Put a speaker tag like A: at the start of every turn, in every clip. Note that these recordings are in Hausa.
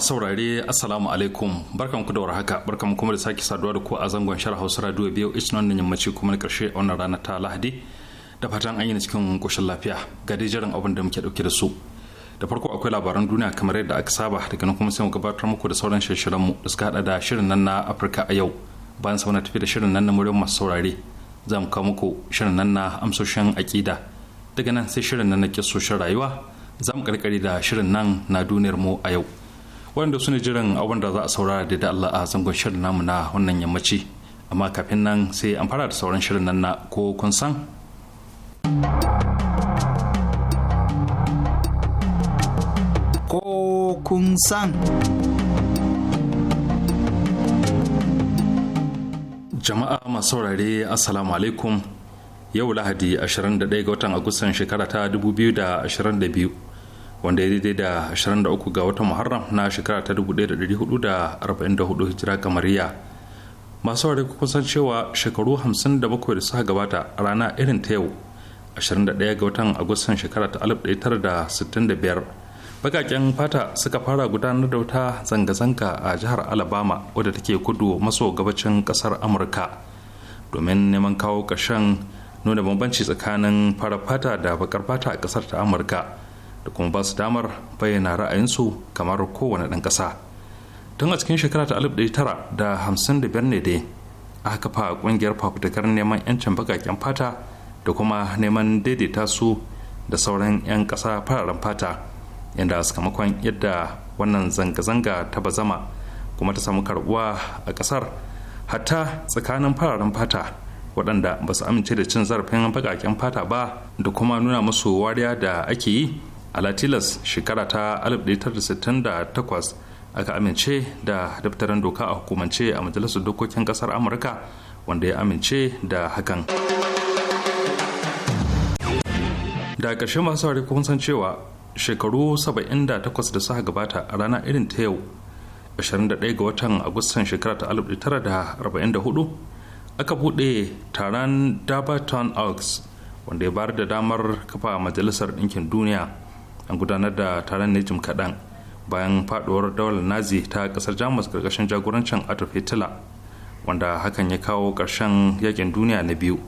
A: masu saurare assalamu alaikum barkan ku da haka barkan kuma da sake saduwa da ku a zangon shara hausa radio biyu it's nan yammaci kuma na karshe a wannan rana ta lahadi da fatan an yi na cikin koshin lafiya ga dai jiran abin da muke dauke da su da farko akwai labaran duniya kamar yadda aka saba daga nan kuma sai mu gabatar muku da sauran shirin mu da suka hada da shirin nan na afirka a yau bayan sa na tafi da shirin nan na muryar masu saurare za mu kawo muku shirin nan na amsoshin aƙida daga nan sai shirin nan na kisoshin rayuwa za mu karkare da shirin nan na duniyar mu a yau wanda su ne jiran abin da za a saurara da Allah a zangon shirin namu na wannan yammaci amma kafin nan sai an fara da sauran shirin nan na ko kun san
B: ko kun san
A: jama'a masu saurare assalamu alaikum yau lahadi 21 ga watan agustan shekara ta 2022 wanda ya daidai da 23 ga watan muharram na shekara ta 1444 hijira kamariya masu ware kusan cewa shekaru 57 da suka gabata a rana irin ta yau 21 ga watan agustan shekara ta 1965 bakaken fata suka fara gudanar da wata zanga-zanga a jihar alabama wadda take kudu maso gabacin kasar amurka domin neman kawo ƙarshen nuna bambanci tsakanin fara fata da bakar fata a kasar ta amurka da kuma ba su damar bayyana ra'ayinsu kamar kowane ɗan ƙasa tun a cikin shekara ta alif ɗaya tara da da hamsin biyar ne dai aka kafa ƙungiyar fafutukar neman 'yancin baƙaƙen fata da kuma neman daidaita su da sauran 'yan ƙasa fararen fata inda sakamakon yadda wannan zanga-zanga ta bazama kuma ta samu karbuwa a ƙasar hatta tsakanin fararen fata waɗanda ba su amince da cin zarafin baƙaƙen fata ba da kuma nuna musu wariya da ake yi alatilas shekara ta 1968 aka amince da daftarin doka a hukumance a majalisar dokokin kasar amurka wanda ya amince da hakan da ƙarshe masu saurari kun san cewa shekaru 78 da suka gabata a rana irin ta yau 21 ga watan agustan shekara ta 1944 aka buɗe taron Darbaton Oaks wanda ya bayar da damar kafa majalisar ɗinkin duniya an gudanar da taron ne kaɗan bayan faɗuwar daular nazi ta ƙasar jamus ƙarƙashin jagorancin adolf hitler wanda hakan ya kawo ƙarshen yakin duniya na biyu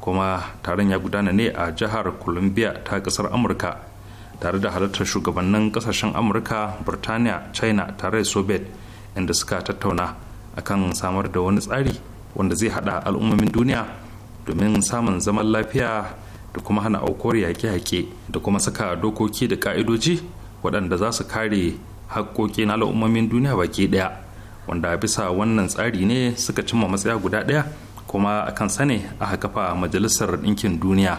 A: kuma taron ya gudana ne a jihar columbia ta ƙasar amurka tare da halartar shugabannin ƙasashen amurka burtaniya china tare da soviet inda suka tattauna akan samar da wani tsari wanda zai haɗa al'ummomin duniya domin samun zaman lafiya da kuma hana aukuwar yaƙe-yaƙe da kuma saka dokoki da ƙa'idoji waɗanda za su kare haƙƙoƙi na al'ummomin duniya baki ɗaya wanda bisa wannan tsari ne suka cimma matsaya guda ɗaya kuma akan sane aka kafa majalisar ɗinkin duniya.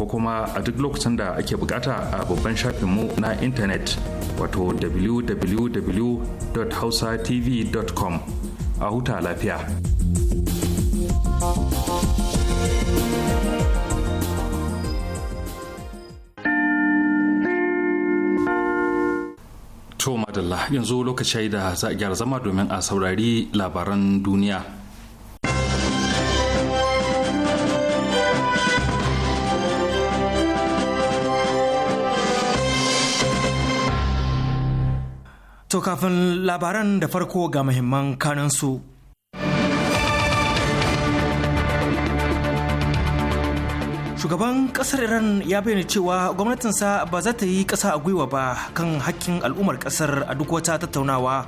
A: ko kuma a duk lokacin da ake bukata a babban shafinmu na intanet wato www.hausatv.com a huta lafiya. To madalla yanzu lokaci da za a gyara zama domin a saurari labaran duniya.
C: To kafin labaran da farko ga muhimman kanansu. Shugaban ƙasar Iran ya bayyana cewa gwamnatinsa ba za ta yi ƙasa a gwiwa ba kan hakkin al'ummar ƙasar a duk wata tattaunawa.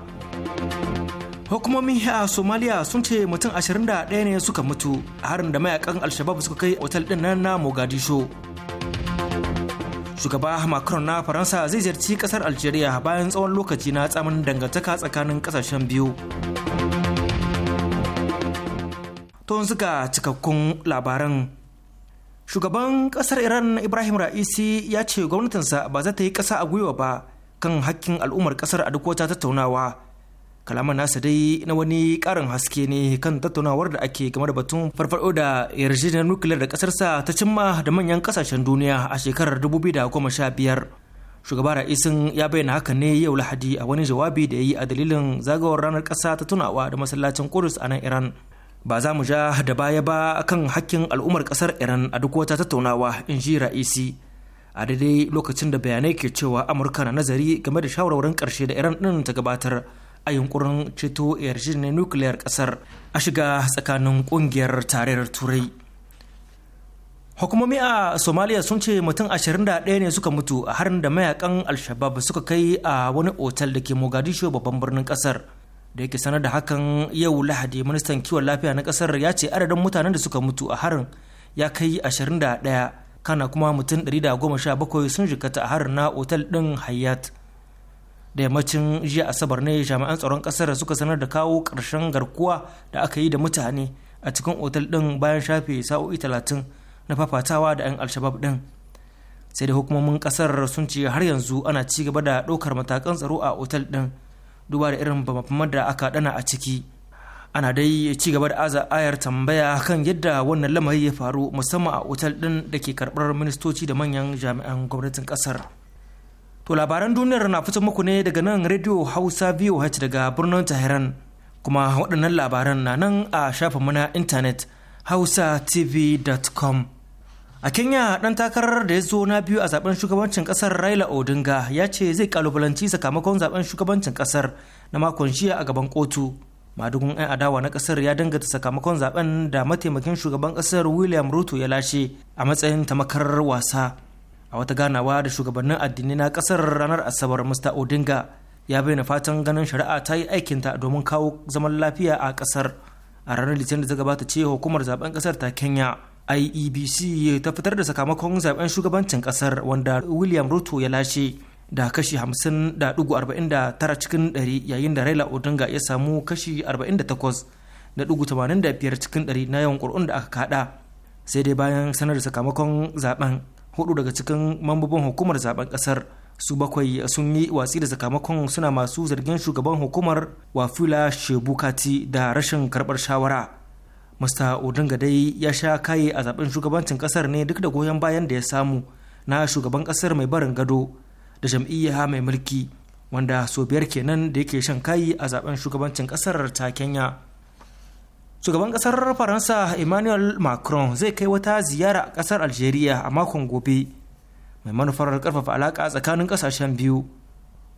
C: Hukumomin a Somalia sun ce mutum 21 ne suka mutu a harin da mayakan Alshabab suka kai otal ɗin na Mogadishu. shugaba macron na faransa zai ziyarci kasar algeria bayan tsawon lokaci na tsamin dangantaka tsakanin kasashen biyu tun suka cikakkun labaran shugaban kasar iran ibrahim ra'isi ya ce gwamnatinsa ba za ta yi kasa a gwiwa ba kan hakkin al'ummar kasar a duk wata tattaunawa kalaman nasa dai na wani karin haske ne kan tattaunawar da ake game da batun farfado da yarjejeniyar nukiliyar da kasarsa ta cimma da manyan kasashen duniya a shekarar dubu biyu da sha 2015 shugaba ra'isin ya bayyana haka ne yau lahadi a wani jawabi da ya yi a dalilin zagawar ranar kasa ta tunawa da masallacin kudus a nan iran ba za mu ja da baya ba kan hakkin al'ummar kasar iran a duk wata tattaunawa in ji ra'isi a daidai lokacin da bayanai ke cewa amurka na nazari game da shawarwarin karshe da iran din ta gabatar a yunkurin ceto yarjejeniyar nukiliyar kasar a shiga tsakanin kungiyar tarayyar turai hukumomi a somaliya sun ce mutum 21 ne suka mutu a harin da mayakan alshabab suka kai a wani otal da ke mogadishu babban birnin kasar da yake sanar da hakan yau lahadi ministan kiwon lafiya na kasar ya ce adadin mutanen da suka mutu a harin ya kai 21 kana kuma mutum 117 sun jikata a harin na otal din hayat da yammacin jiya asabar ne jami'an tsaron kasar da suka sanar da kawo ƙarshen garkuwa da aka yi da mutane a cikin otal ɗin bayan shafe sa'o'i talatin na fafatawa da 'yan alshabab ɗin sai da hukumomin kasar sun ce har yanzu ana ci gaba da ɗaukar matakan tsaro a otal din duba da irin bamafamar da aka dana a ciki ana dai ci gaba da aza ayar tambaya kan yadda wannan lamari ya faru musamman a otal din da ke karɓar ministoci da manyan jami'an gwamnatin ƙasar. To labaran duniyar na fito muku ne daga nan Radio Hausa VOH daga birnin Tehran. Kuma waɗannan labaran na nan a shafinmu na intanet hausatv.com. A Kenya ɗan takarar da ya zo na biyu a zaben shugabancin ƙasar Raila Odinga ya ce zai kalubalanci sakamakon zaben shugabancin ƙasar na makon jiya a gaban kotu. madugun 'yan adawa na ƙasar ya dangata sakamakon zaben da mataimakin shugaban ƙasar william ruto ya lashe a matsayin tamakar wasa a wata ganawa da shugabannin addini na kasar ranar asabar musta odinga ya bayyana fatan ganin shari'a ta yi aikinta domin kawo zaman lafiya a kasar a ranar litinin da ta gabata ce hukumar zaben kasar ta kenya iebc ta fitar da sakamakon zaben shugabancin kasar wanda william ruto ya lashe da kashi 50.49 cikin 100 yayin da raila odinga ya samu kashi 48.85 cikin 100 na yawan kur'un da aka kada sai dai bayan sanar da sakamakon zaben hudu daga cikin mambobin hukumar zaben kasar su bakwai sun yi watsi da sakamakon suna masu zargin shugaban hukumar wafula shebukati da rashin karbar shawara mr odinga dai ya sha kaye a zaben shugabancin kasar ne duk da goyon bayan da ya samu na shugaban kasar mai barin gado da jam'iyya mai mulki wanda so biyar kenan da yake shan kayi a zaben shugabancin kasar ta kenya shugaban kasar faransa emmanuel macron zai kai wata ziyara a kasar algeria a makon gobe mai manufar karfafa alaka tsakanin kasashen biyu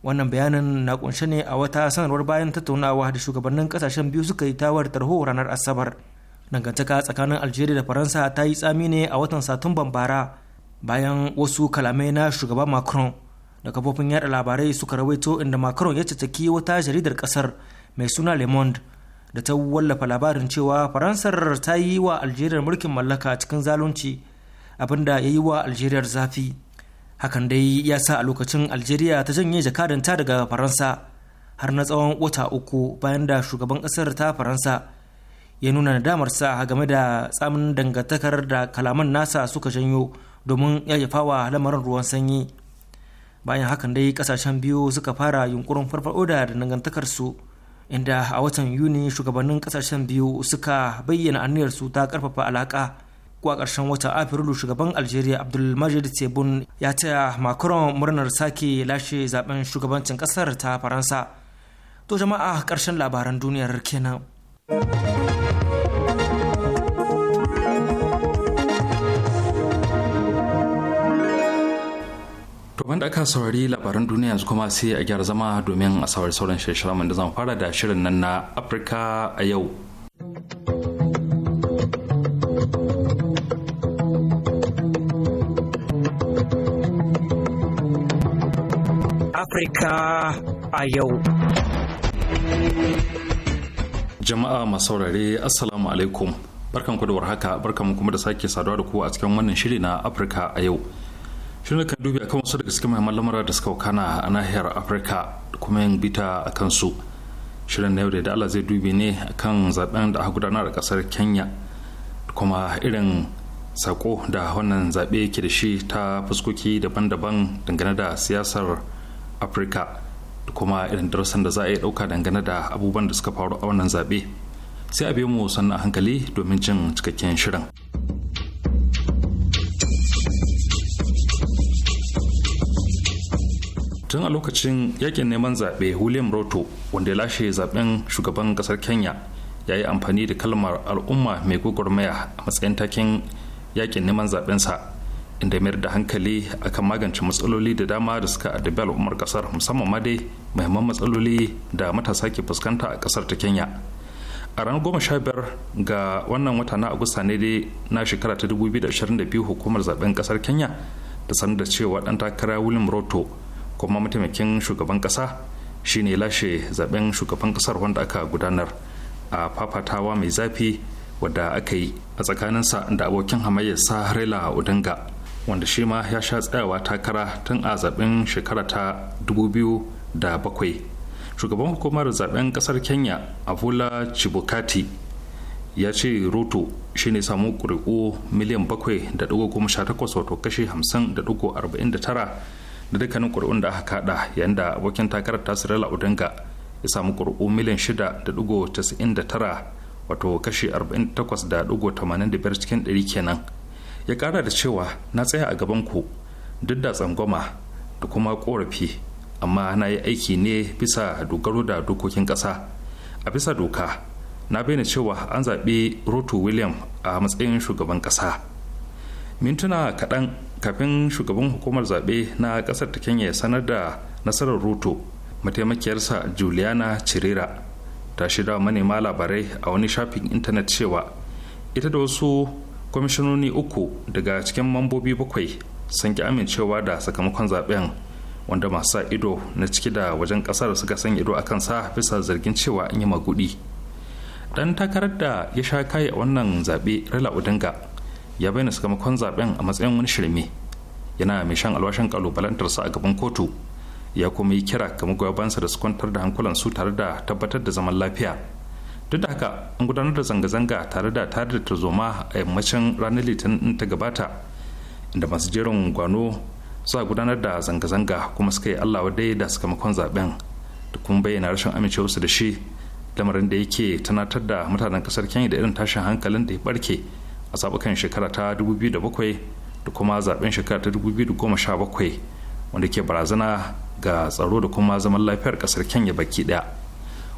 C: wannan bayanin na kunshe ne a wata sanarwar bayan tattaunawa da shugabannin kasashen biyu suka yi tawar tarho ranar asabar dangantaka tsakanin algeria da faransa ta yi tsami ne a watan satumban bara bayan wasu kalamai na shugaban macron da kafofin yaɗa labarai suka rawaito inda macron ya cataki wata jaridar ƙasar mai suna le monde da ta wallafa labarin cewa faransar ta yi wa algeria mulkin mallaka cikin zalunci abinda ya yi wa algeria zafi hakan dai ya sa a lokacin algeria ta janye jakadanta daga faransa har na tsawon wata uku bayan da shugaban kasar ta faransa ya nuna sa game da tsamin dangantakar da kalaman nasa suka janyo domin wa lamarin ruwan sanyi bayan hakan dai kasashen biyu suka fara yunkurin farfa'oda da dangantakarsu su inda a watan yuni shugabannin kasashen biyu suka bayyana aniyarsu ta karfafa alaka ko a ƙarshen watan afrilu shugaban algeria abdulmajid tebun ya taya macron murnar sake lashe zaben shugabancin kasar ta faransa to jama'a ƙarshen labaran duniyar kenan.
A: Tufan da aka saurari labaran duniya yanzu kuma sai a gyara zama domin a saurari sauran shirye-shiryen da zan fara da shirin nan na Afirka a yau.
C: Afirka a yau.
A: Jama'a masaurare saurare Assalamu alaikum. Barkan ku da warhaka, barkan kuma da sake saduwa da ku a cikin wannan shiri na Afirka a yau. shirin kan dubi akan wasu daga cikin mahimman lamura da suka kana a nahiyar afirka da kuma yin bita a kansu shirin na yau da Allah zai dubi ne akan zaben da aka gudanar a kasar kenya da kuma irin sako da wannan zaɓe ke da shi ta fuskoki daban-daban dangane da siyasar afirka da kuma irin darasan da za a iya ɗauka dangane da abubuwan da suka faru a wannan zaɓe sai a biyo mu sannan a hankali domin jin cikakken shirin. tun a lokacin yakin neman zaɓe william roto wanda ya lashe zaben shugaban ƙasar kenya ya yi amfani da kalmar al'umma mai gwagwarmaya a matsayin takin yakin neman zaɓensa inda mayar da hankali akan magance matsaloli da dama da suka addabi al'ummar ƙasar musamman ma dai mahimman matsaloli da matasa ke fuskanta a ƙasar ta kenya a ranar goma sha biyar ga wannan wata na agusta ne dai na shekara ta 2022 hukumar zaben ƙasar kenya ta sanar da cewa ɗan takara william roto kuma mataimakin shugaban ƙasa shine lashe zaben shugaban kasar wanda aka gudanar a fafatawa mai zafi wadda aka yi a tsakaninsa da abokin hamayyarsa raila odinga wanda shi ma ya sha tsayawa takara tun a zaben shekara ta 2007 shugaban hukumar zaben kasar kenya abula chibukati ya ce roto shi ne samu ƙuri'u miliyan 7.18 wato kashi 50.49 da dukkanin ƙuri'un da aka kada yayin da abokin takarar tasirin odinga ya samu ƙuri'u miliyan 6.99 wato kashi 48.85 cikin 100 kenan ya ƙara da cewa na tsaya a gaban ku duk da tsangwama da kuma ƙorafi amma na yi aiki ne bisa dogaro da dokokin ƙasa a bisa doka na bayyana cewa an zaɓi roto william a matsayin shugaban ƙasa mintuna kaɗan kafin shugaban hukumar zaɓe na ƙasar ta kenya ya sanar da nasarar ruto mataimakiyarsa juliana cirera ta shida manema labarai a wani shafin intanet cewa ita da wasu kwamishinoni uku daga cikin mambobi bakwai sun ki amincewa da sakamakon zaben wanda masu sa ido na ciki da wajen kasar suka san ido akan sa bisa zargin cewa an yi magudi dan takarar da ya sha kai a wannan zaɓe rala udinga. ya bayyana sakamakon zaben a matsayin wani shirme yana mai shan alwashin kalubalantarsa a gaban kotu ya kuma yi kira ga magoyabansa da su kwantar da hankulansu tare da tabbatar da zaman lafiya duk da haka an gudanar da zanga-zanga tare da tare da tarzoma a yammacin ranar litinin ta gabata inda masu jerin gwano suka gudanar da zanga-zanga kuma suka yi allawa dai da sakamakon zaben da kuma bayyana rashin amincewarsu da shi lamarin da yake tunatar da mutanen kasar kenya da irin tashin hankalin da ya barke a zaɓukan shekara ta 2007 da kuma zaɓen shekara ta 2017 wanda ke barazana ga tsaro da kuma zaman lafiyar ƙasar kenya baki ɗaya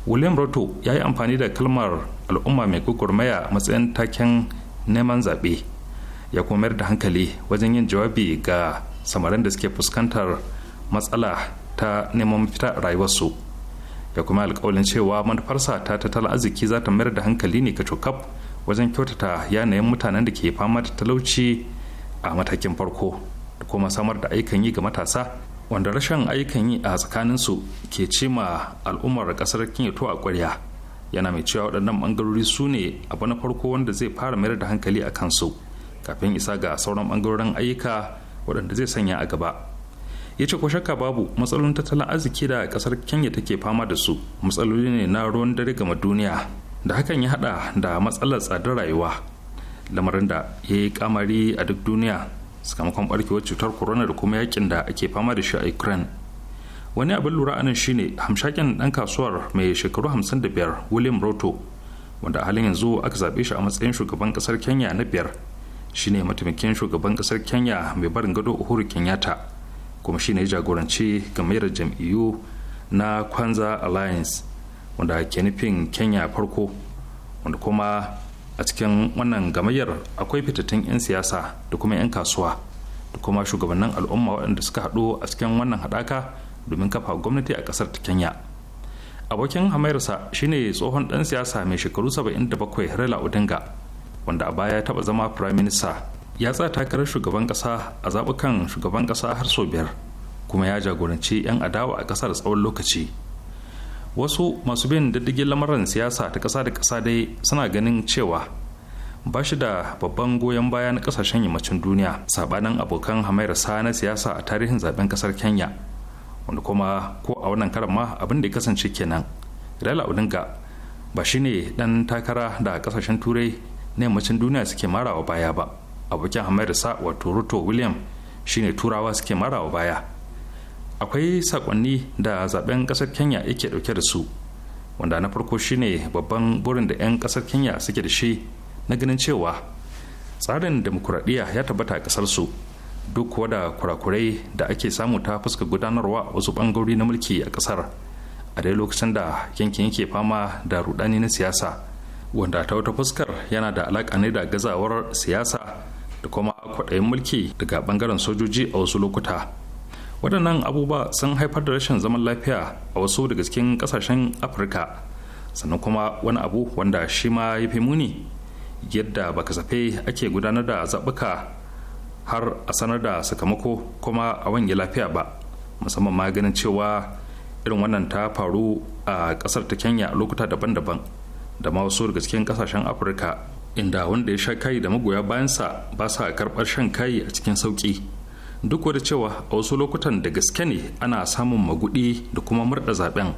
A: william roto ya yi amfani da kalmar al'umma mai gugurmaya a matsayin taken neman zaɓe ya kuma da hankali wajen yin jawabi ga samarin da suke fuskantar matsala ta neman fita rayuwarsu ya kuma alkawalin cewa manufarsa ta tattalin arziki za ta mayar da hankali ne ka cokaf wajen kyautata yanayin mutanen da ke fama da talauci a matakin farko da kuma samar da aikan yi ga matasa wanda rashin aikan yi a tsakaninsu ke cima al'ummar kasar kinyato a kwarya yana mai cewa waɗannan bangarori su ne abu na farko wanda zai fara mayar da hankali a kansu kafin isa ga sauran ɓangarorin ayyuka waɗanda zai sanya a gaba ya ce ko shakka babu matsalolin tattalin arziki da ƙasar kenya take fama da su matsaloli ne na ruwan dare gama duniya da hakan ya hada da matsalar tsadar rayuwa lamarin da ya yi kamari a duk duniya sakamakon barkewar cutar corona da kuma yakin da ake fama da shi a ukraine wani abin lura anan shine hamshakin dan kasuwar mai shekaru 55 william roto wanda a halin yanzu aka zaɓe shi a matsayin shugaban ƙasar kenya na biyar shine mataimakin shugaban ƙasar kenya mai barin gado uhuru kenyatta kuma shine ya jagoranci game gamayyar jam'iyyu na kwanza alliance wanda ke nufin kenya farko wanda kuma a cikin wannan gamayyar akwai fitattun 'yan siyasa da kuma 'yan kasuwa da kuma shugabannin al'umma waɗanda suka haɗu a cikin wannan haɗaka domin kafa gwamnati a ƙasar ta kenya abokin hamayarsa shine tsohon ɗan siyasa mai shekaru 77 rela odinga wanda a baya taɓa zama prime ya tsaya takarar shugaban ƙasa a zaɓukan shugaban ƙasa har sau biyar kuma ya jagoranci 'yan adawa a ƙasar tsawon lokaci wasu masu bin diddigin lamarin siyasa ta ƙasa da ƙasa dai suna ganin cewa ba shi da babban goyon baya na ƙasashen yammacin duniya sabanin abokan hamayar sa na siyasa a tarihin zaben ƙasar kenya wanda kuma ko a wannan karan ma abin da ya kasance kenan Raila Odinga ba shi ne ɗan takara da ƙasashen turai na yammacin duniya suke marawa baya ba abokin sa wato ruto william shine turawa suke marawa baya akwai sakonni da zaben kasar kenya yake dauke da su wanda na farko shine babban burin da 'yan kasar kenya suke da shi na ganin cewa tsarin demokuraɗiyya ya tabbata a kasar su duk kuwa da kurakurai da ake samu ta fuska gudanarwa wasu bangarori na mulki a kasar a dai lokacin da yankin yake fama da rudani na siyasa wanda ta wata fuskar yana da alaƙa ne da gazawar siyasa da kuma kwaɗayin mulki daga bangaren sojoji a wasu lokuta waɗannan abubuwa sun haifar da rashin zaman lafiya a wasu daga cikin ƙasashen afirka sannan kuma wani abu wanda shi ma ya fi muni yadda ba kasafe ake gudanar da zaɓuka har a sanar da sakamako kuma a wange lafiya ba musamman ma ganin cewa irin wannan ta faru a ƙasar ta kenya lokuta daban-daban da ma wasu daga cikin ƙasashen afirka inda wanda ya sha kai da magoya bayansa ba sa karɓar shan kai a cikin sauƙi duk da cewa a wasu lokutan da gaske ne ana samun magudi da kuma murda zaben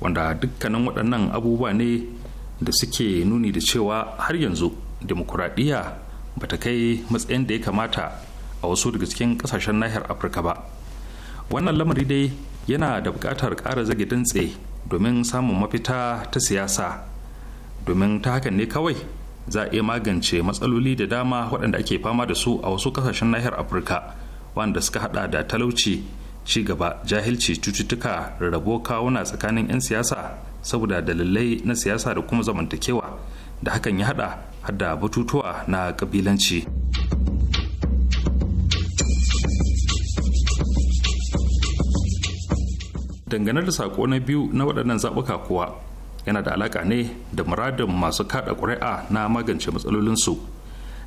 A: wanda dukkanin waɗannan abubuwa ne da suke nuni da cewa har yanzu demokuraɗiyya ba ta kai matsayin da ya kamata a wasu daga cikin ƙasashen nahiyar afirka ba wannan lamari dai yana da buƙatar ƙara zage dantse domin samun mafita ta siyasa domin ta hakan ne kawai za a iya magance matsaloli da dama waɗanda ake fama da su a wasu ƙasashen nahiyar afirka wanda suka hada da talauci ci gaba jahilci cututtuka rarrabo kawuna tsakanin 'yan siyasa saboda dalilai na siyasa da kuma zamantakewa da hakan ya hada hadda batutuwa na kabilanci. dangane da sako na biyu na waɗannan zaɓuka kuwa yana da alaƙa ne da muradin masu kaɗa ƙuri'a na magance matsalolinsu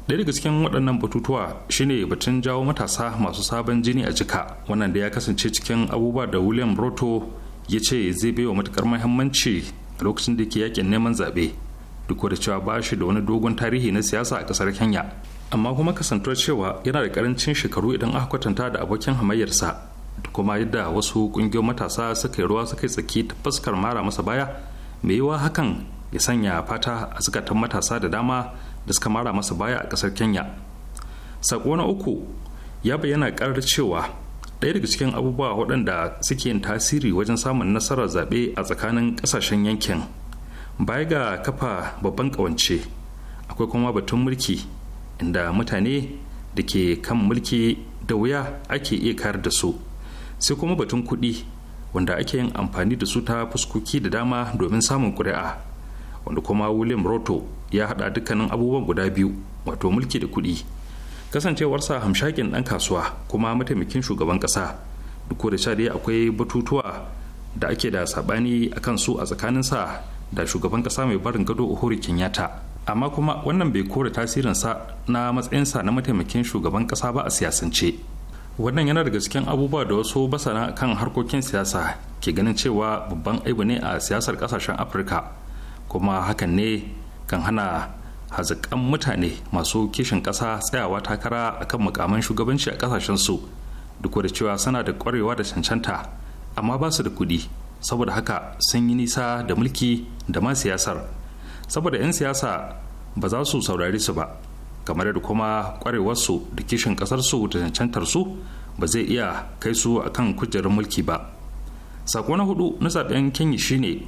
A: daya daga cikin waɗannan batutuwa shine batun jawo matasa masu sabon jini a jika wannan da ya kasance cikin abubuwa da william roto ya ce zai baiwa matukar muhimmanci a lokacin da ke yakin neman zaɓe duk da cewa ba shi da wani dogon tarihi na siyasa a ƙasar kenya amma kuma kasantar cewa yana da karancin shekaru idan aka kwatanta da abokin hamayyarsa kuma yadda wasu ƙungiyoyin matasa suka yi ruwa suka yi tsaki ta fuskar mara masa baya mai yiwa hakan ya sanya fata a zukatan matasa da dama da suka mara masa baya a kasar kenya sako na uku ya bayyana karar cewa ɗaya daga cikin abubuwa waɗanda suke yin tasiri wajen samun nasarar zaɓe a tsakanin ƙasashen yankin baya ga kafa babban ƙawance akwai kuma batun mulki inda mutane da ke kan mulki da wuya ake iya kayar da su sai kuma batun kuɗi wanda ake yin amfani da su ta fuskoki da dama domin samun ƙuri'a wanda kuma william roto ya haɗa dukkanin abubuwan guda biyu wato mulki da kuɗi kasancewarsa hamshakin ɗan kasuwa kuma mataimakin shugaban ƙasa duk da sha dai akwai batutuwa da ake da sabani akan su a tsakanin sa da shugaban ƙasa mai barin gado uhuru kenyatta amma kuma wannan bai kore tasirin sa na matsayinsa na mataimakin shugaban ƙasa ba a siyasance wannan yana daga cikin abubuwa da wasu basana kan harkokin siyasa ke ganin cewa babban aibu ne a siyasar kasashen afirka kuma hakan ne kan hana hazikan mutane masu kishin ƙasa tsayawa takara a kan mukaman shugabanci a ƙasashensu duk da cewa suna da ƙwarewa da cancanta amma ba su da kuɗi saboda haka sun yi nisa da mulki da ma siyasar saboda 'yan siyasa ba za su saurari su ba kamar da kuma ƙwarewarsu da kishin ƙasarsu da cancantarsu ba zai iya kai su akan kujerar mulki ba sako na hudu na zaben kenya shine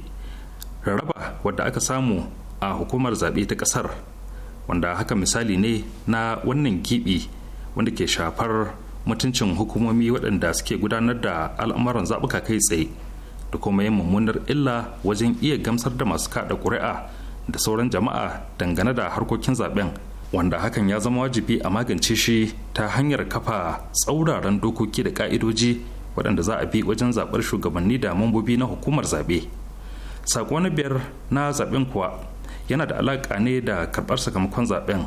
A: raraba wadda aka samu a hukumar zaɓe ta ƙasar wanda haka misali ne na wannan giɓi wanda ke shafar mutuncin hukumomi waɗanda suke gudanar da al'amuran zaɓuka kai tsaye da kuma yin mummunar illa wajen iya gamsar da masu kaɗa ƙuri'a da sauran jama'a dangane da harkokin zaɓen wanda hakan ya zama wajibi a magance shi ta hanyar kafa tsauraran dokoki da ƙa'idoji waɗanda za a bi wajen zaɓar shugabanni da mambobi na hukumar zaɓe. Sako na biyar na zaɓen kuwa yana da alaƙa ne da karɓar sakamakon zaben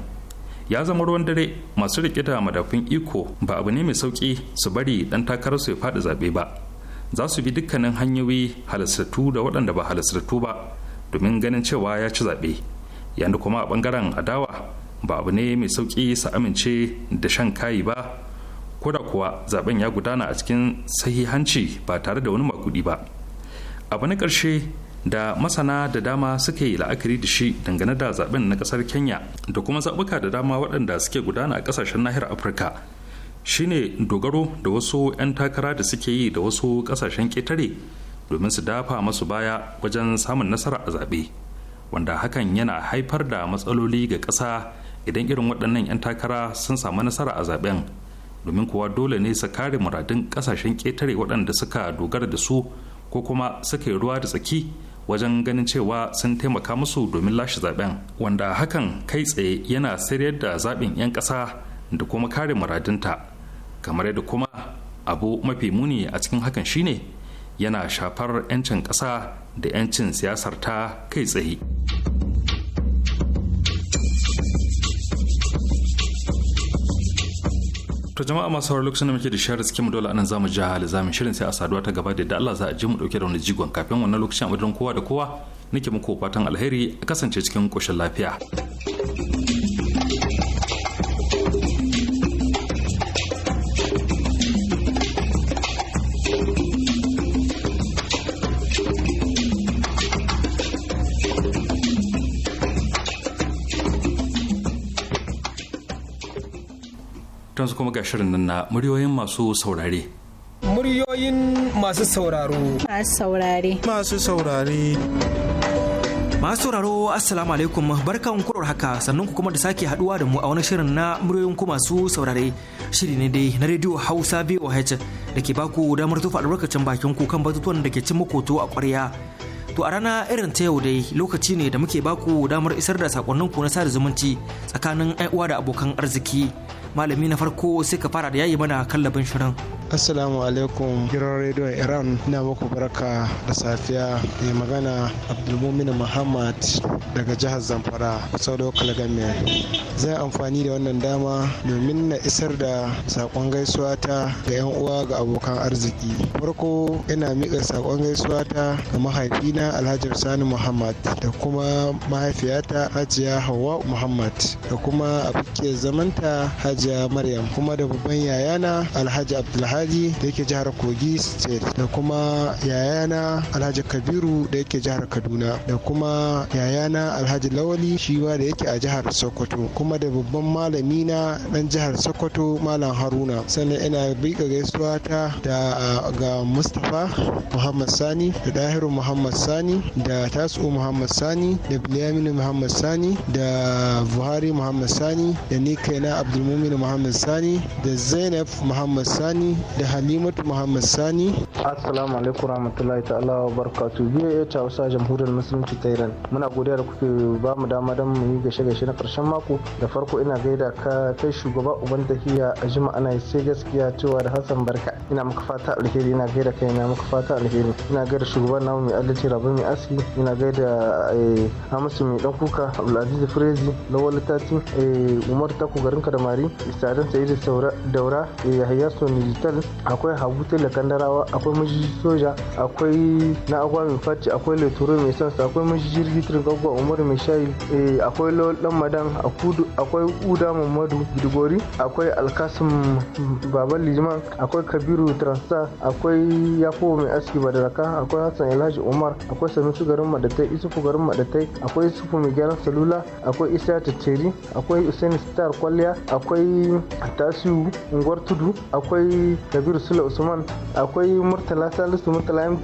A: ya zama ruwan dare masu rike da madafin iko ba abu ne mai sauƙi su bari ɗan takararsu ya faɗi zaɓe ba za su bi dukkanin hanyoyi halastattu da waɗanda ba halastattu ba domin ganin cewa ya ci zaɓe yanda kuma a ɓangaren adawa ba abu ne mai sauƙi su amince da shan kayi ba ko da kuwa zaben ya gudana a cikin sahihanci ba tare da wani makudi ba abu na ƙarshe da masana da dama suka yi la'akari da shi dangane da zaben na kasar kenya da kuma zaɓuka da dama waɗanda suke gudana a ƙasashen nahiyar afirka shine dogaro da wasu 'yan takara da suke yi da wasu ƙasashen ƙetare domin su dafa masu baya wajen samun nasara a zaɓe wanda hakan yana haifar da matsaloli ga ƙasa idan irin waɗannan 'yan takara sun samu nasara a zaben domin kuwa dole ne su kare muradun ƙasashen ƙetare waɗanda suka dogara da su ko kuma suka yi ruwa da tsaki wajen ganin cewa sun taimaka musu domin lashe zaben wanda hakan kai tsaye yana sayar da zaɓin 'yan ƙasa da kuma kare muradinta kamar yadda kuma abu mafi muni a cikin hakan shine yana shafar 'yancin ƙasa da 'yancin siyasar ta kai tsaye. to jama'a masu sauraron lokacin da muke da shirin cikin dole anan zamu ji hali zamu shirin sai a saduwa ta gaba da yadda Allah za a ji mu dauke da wani jigon kafin wannan lokacin a madadin kowa da kowa nake muku fatan alheri a kasance cikin koshin lafiya. yanzu kuma ga shirin nan na muryoyin masu
C: saurare.
D: Muryoyin masu sauraro. Masu saurare. Masu saurare.
C: Masu sauraro Assalamu alaikum barkan kurar haka sannan ku kuma da sake haduwa da mu a wani shirin na muryoyin ku masu saurare shiri ne dai na rediyo Hausa BOH da ke baku damar tufa albarkacin bakin ku kan batutuwan da ke cin makoto a ƙwarya To a rana irin ta yau dai lokaci ne da muke baku damar isar da sakonninku na sada zumunci tsakanin uwa da abokan arziki. Malami na farko sai ka fara da yayi mana kallabin shirin.
E: Assalamu alaikum giran rediyon Iran na muku baraka da safiya mai magana Abdulmumin Muhammad daga jihar Zamfara kusa lokal gamen. Zai amfani da wannan dama domin na isar da sakon gaisuwa ta ga 'yan uwa ga abokan arziki. Farko ina miƙa sakon gaisuwa ta ga mahaifina Alhaji Sani Muhammad da kuma mahaifiyata Hajiya Hauwa Muhammad da kuma abokiyar zamanta Hajiya Maryam kuma da babban yayana Alhaji Abdulhaji alhaji da yake jihar kogi state da kuma yayana alhaji kabiru da yake jihar kaduna da kuma yayana alhaji lawali shi ma da yake a jihar sokoto kuma da babban malami na dan jihar sokoto malam haruna sannan ina bika gaisuwa ta da ga mustapha muhammad sani da dahiru muhammad sani da tasu muhammad sani da bilyamin muhammad sani da buhari muhammad sani da ni kaina abdulmumin muhammad sani da zainab muhammad sani da halimatu muhammad sani
F: assalamu alaikum rahmatullahi ta'ala wa barakatu biyu ta hausa jamhuriyar musulunci ta iran muna godiya da kuke ba mu dama don mu yi gashe gashe na karshen mako da farko ina gaida ka kai shugaba uban tahiya a jima ana sai gaskiya cewa da hassan barka ina muka fata alheri ina gaida kai ina muka fata alheri ina gaida shugaban namu mai adalci rabu mai aski ina gaida eh, musu mai dan kuka abdulaziz firezi lawal tati eh, umar taku garin kadamari istadan sa'idu daura eh, yahaya sonidital akwai habu tele kandarawa akwai mashi soja akwai na agwa mai fati akwai leturo mai sans akwai mashi jirgi turin gagwa umar mai shayi eh, akwai lawal madan akwai uda mamadu gidigori akwai alkasim baban lijiman akwai kabiru transa akwai yako mai aski badaraka akwai hassan elhaji umar akwai sanusi garin madatai isufu garin madatai akwai isufu mai gyaran salula akwai isa tatteri akwai usaini star kwalliya akwai tasiu unguwar tudu akwai kabiru sule usman akwai murtala salisu murtala mt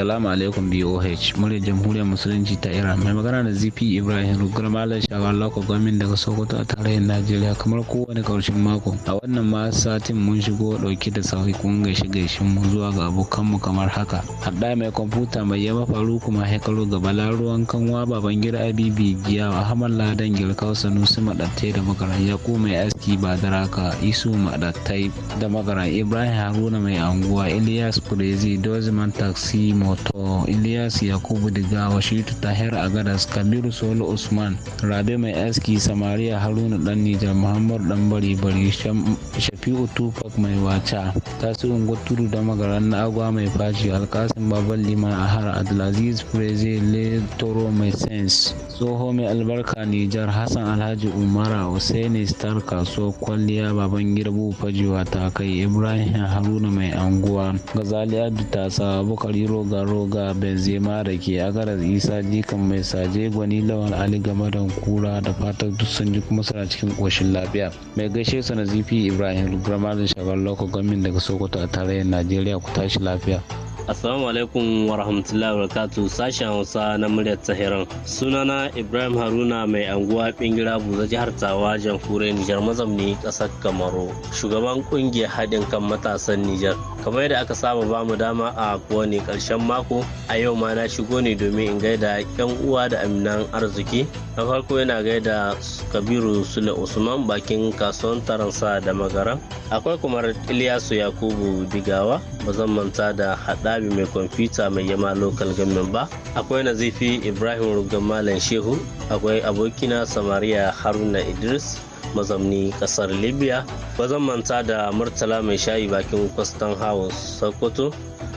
D: Assalamu alaikum BOH murya jamhuriyar musulunci ta Iran mai magana da ZP Ibrahim Rugar Malam Shawar Lako Gwamin daga Sokoto a tarayyar Najeriya kamar kowane karshen mako a wannan ma satin mun shigo dauke da sauki kun gaishe gaishen mu zuwa ga mu kamar haka hadda mai kwamfuta mai yaba faru kuma haikalo ga balaruwan kanwa baban gida Abibi Giya Ahmad Ladan Girkau Sanusi Madatte da magaran Yaku mai aski Badaraka Isu Madattai da magaran Ibrahim Haruna mai anguwa Ilyas Kurezi Dozman Taxi Sokoto, Ilyas Yakubu diga Shitu Tahir Gadas Kabiru Solo Usman, Rabe Mai Aski, Samariya Haruna Dan Nijar, Muhammad Dan Bari Bari, Shafi'u Tupac Mai Wata, Tasirin guturu da Magaran na Agwa Mai Fashi, Alkasin Baban Liman har Abdulaziz Preze, Le Toro Mai Sens, Tsoho Mai Albarka Nijar, Hassan Alhaji Umara, Hussaini Star Kasuwa Kwalliya, Baban Girbu Fajiwa kai Ibrahim Haruna Mai Anguwa, Gazali Abdu Tasa, Bukari Roga, tsaro ga benzema da ke agaras isa jikan mai saje gwani lawan ali game da kura da fatan duk sun ji kuma suna cikin koshin lafiya mai gaishe su na zifi ibrahim gramalin shagar loko gamin daga sokoto a tarayyar najeriya ku tashi lafiya
G: Assalamu alaikum wa rahmatullahi wa sashen Hausa na muryar Tahiran. Sunana Ibrahim Haruna mai anguwa bingira buza jihar Tawa jamhuriyar Nijar mazamni kasar Kamaru. Shugaban kungiyar haɗin kan matasan Nijar. Kamar yadda aka saba ba mu dama a kowane ƙarshen mako a yau ma na shigo ne domin in gaida yan uwa da aminan arziki. Na farko yana gaida Kabiru Sule Usman bakin kasuwan Taransa da Magaran. Akwai kuma Iliyasu Yakubu Digawa ba zan manta da haɗa rabi mai kwamfuta mai yama local government ba akwai nazifi ibrahim rugan malam shehu akwai abokina samariya haruna idris mazamni kasar libya ba zan manta da murtala mai shayi bakin kwastan house sokoto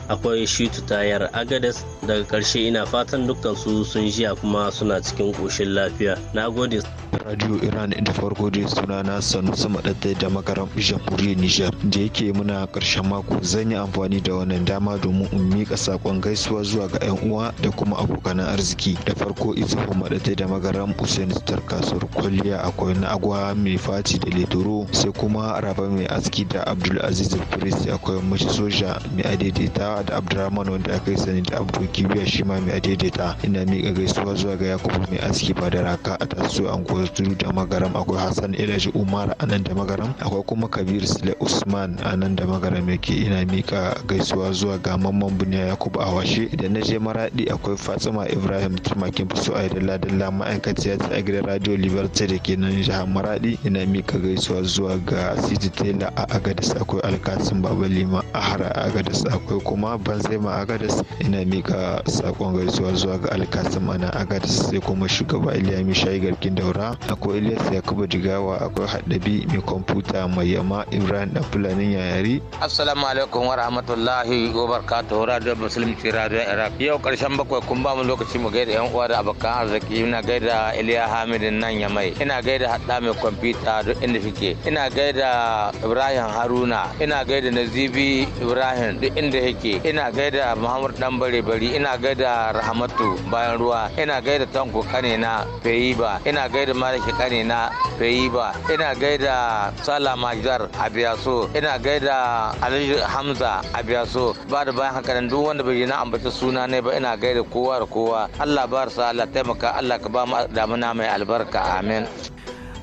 G: akwai shitu tayar agades daga karshe ina fatan dukkan su sun jiya kuma suna cikin koshin lafiya na gode
H: radio iran da farko dai suna na sanusi maɗaɗe da makaran jamhuriyar nijar da yake muna ƙarshen mako zan yi amfani da wannan dama domin in miƙa saƙon gaisuwa zuwa ga 'yan uwa da kuma abokan arziki da farko izuhu maɗaɗe da makaran usain star kasuwar kwalliya akwai na agwa mai faci da leturo sai kuma raba mai aski da abdul aziz prince akwai mace soja mai adaidaita da abdulrahman wanda aka yi sani da abdul kibiya shi ma mai adaidaita ina miƙa gaisuwa zuwa ga yakubu mai aski ba da raka a tasu anguwar tudu da magaram akwai hassan elaji umar a nan da magaram akwai kuma kabir sule usman a nan da magaram yake ina miƙa gaisuwa zuwa ga mamman buniya yakubu awashe da na je maradi akwai fatima ibrahim turmakin fuso dalla dalla ma'aikaciya a gidan radio liberty da ke nan jihar maradi daɗi ina mika gaisuwa zuwa ga city Taylor a Agadis akwai Alkasim Baba Lima a Hara a Agadis akwai kuma Banzema a Agadis ina mika sakon gaisuwa zuwa ga Alkasim ana Agadis sai kuma shugaba Iliya mishayi Garkin Daura akwai Ilyas Yakubu Jigawa akwai Haɗabi mai kwamfuta mai yama Ibrahim da Fulani Yayari.
D: Assalamu alaikum wa rahmatullahi wa barakatuh Radio Muslim Radio Iraq yau karshen bakwai kun ba mu lokaci mu gaida yan uwa da abokan arziki ina gaida Iliya Hamidin nan Yamai ina gaida Haɗa mai kwamfuta duk inda suke ina gaida ibrahim haruna ina gaida nazibi ibrahim duk inda yake ina gaida muhammad dan bare bari ina gaida rahmatu bayan ruwa ina gaida tanko kane na feyiba ina gaida malaki kane na feyiba ina gaida sala majar abiyaso ina gaida alhaji hamza abiyaso ba da bayan haka duk wanda bai na ambata suna ne ba ina gaida kowa da kowa allah sa allah taimaka allah ka ba mu damuna mai albarka amin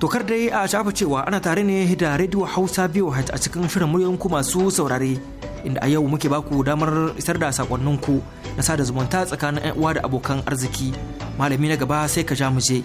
C: To kar dai a shafa cewa ana tare ne da Radio Hausa VOH a cikin shirin muryoyin ku masu saurare inda a yau muke baku damar isar da sakonnin ku na sada zumunta tsakanin uwa da abokan arziki. Malami na gaba sai ka ja mu je.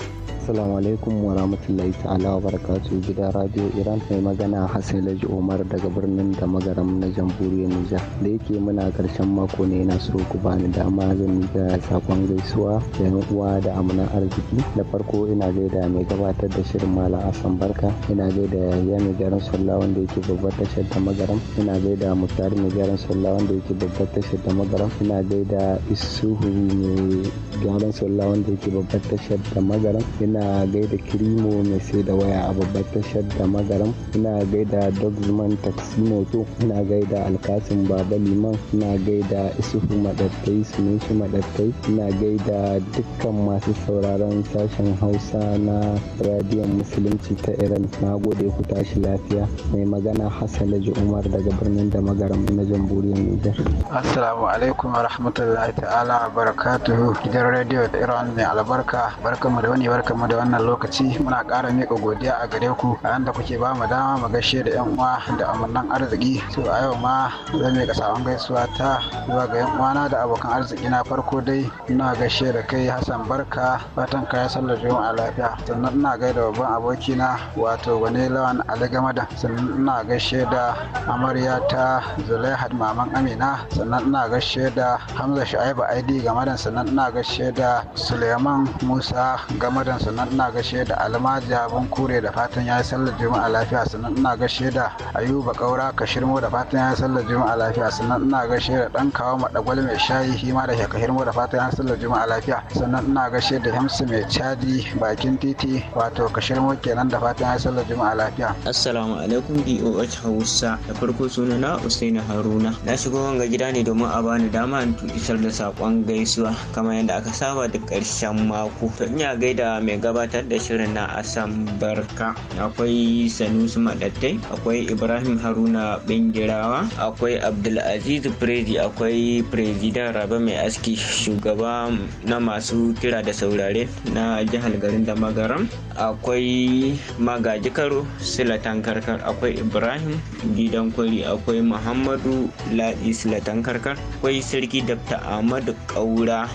D: Assalamu alaikum wa rahmatullahi ta'ala wa barakatuhu gidan Radio Iran mai magana Hassan Laji Omar daga birnin da magaram na jamhuriyar Nijar. Da yake muna karshen mako ne na so ku bani dama zan miƙa sakon gaisuwa da yan uwa da amanan arziki. Da farko ina gaida mai gabatar da shirin Malam Hassan Barka, ina gaida Yahya mai garin sulla wanda yake babbar tashar da magaram, ina gaida Muktar mai garin sulla wanda yake babbar tashar da magaram, ina gaida Isuhu mai gyaran sulla wanda yake babbar tashar da magaram, ina gaida kirimo mai sai da waya a babbar tashar da magaram ina gaida dogsman taxi moto ina gaida alkasin baba liman ina gaida isuhu madattai sunushi madattai ina gaida dukkan masu sauraron sashen hausa na radiyon musulunci ta iran na gode ku tashi lafiya mai magana hassan laji umar daga birnin da magaram na jamhuriyar niger
I: assalamu alaikum wa rahmatullahi ta'ala barakatuhu gidan rediyo iran mai albarka barkamu da wani barkamu mu da wannan lokaci muna ƙara miƙa godiya a gare ku a yanda kuke ba mu dama mu gaishe da yan uwa da amannan arziki to a yau ma zan miƙa sabon gaisuwa ta zuwa ga yan uwana da abokan arziki na farko dai ina gaishe da kai Hassan Barka fatan ka ya sallar a lafiya sannan ina gaida babban abokina wato Gwani Lawan Ali Gamada sannan ina gaishe da amarya ta Zulaihat Maman Amina sannan ina gaishe da Hamza Shu'aibu ID Gamadan sannan ina gaishe da Suleiman Musa Gamadan sannan ina gashe da almaji abun kure da fatan ya yi sallar juma'a lafiya sannan ina gashe da ayuba kaura shirmo da fatan ya yi sallar juma'a lafiya sannan ina gashe da dan kawo madagwal mai shayi hima da ka shirmo da fatan ya yi sallar juma'a lafiya sannan ina gashe da hamsu mai caji bakin titi wato ka shirmo kenan da fatan ya yi sallar juma'a lafiya
C: assalamu alaikum boh hausa da farko suna na usaina haruna na shigo wanga gida ne domin a bani dama in isar da sakon gaisuwa kamar yadda aka saba da karshen mako to ina gaida mai gabatar da shirin na asambarka
D: akwai sanusi madattai akwai ibrahim haruna bingirawa akwai abdulaziz prezi akwai prezidan rabe mai aski shugaba
C: na masu kira da saurare na jihar garin da magaram akwai magaji karo silatan karkar akwai ibrahim gidan kwari akwai muhammadu ladi silatan karkar akwai sarki dabta ahmadu kaura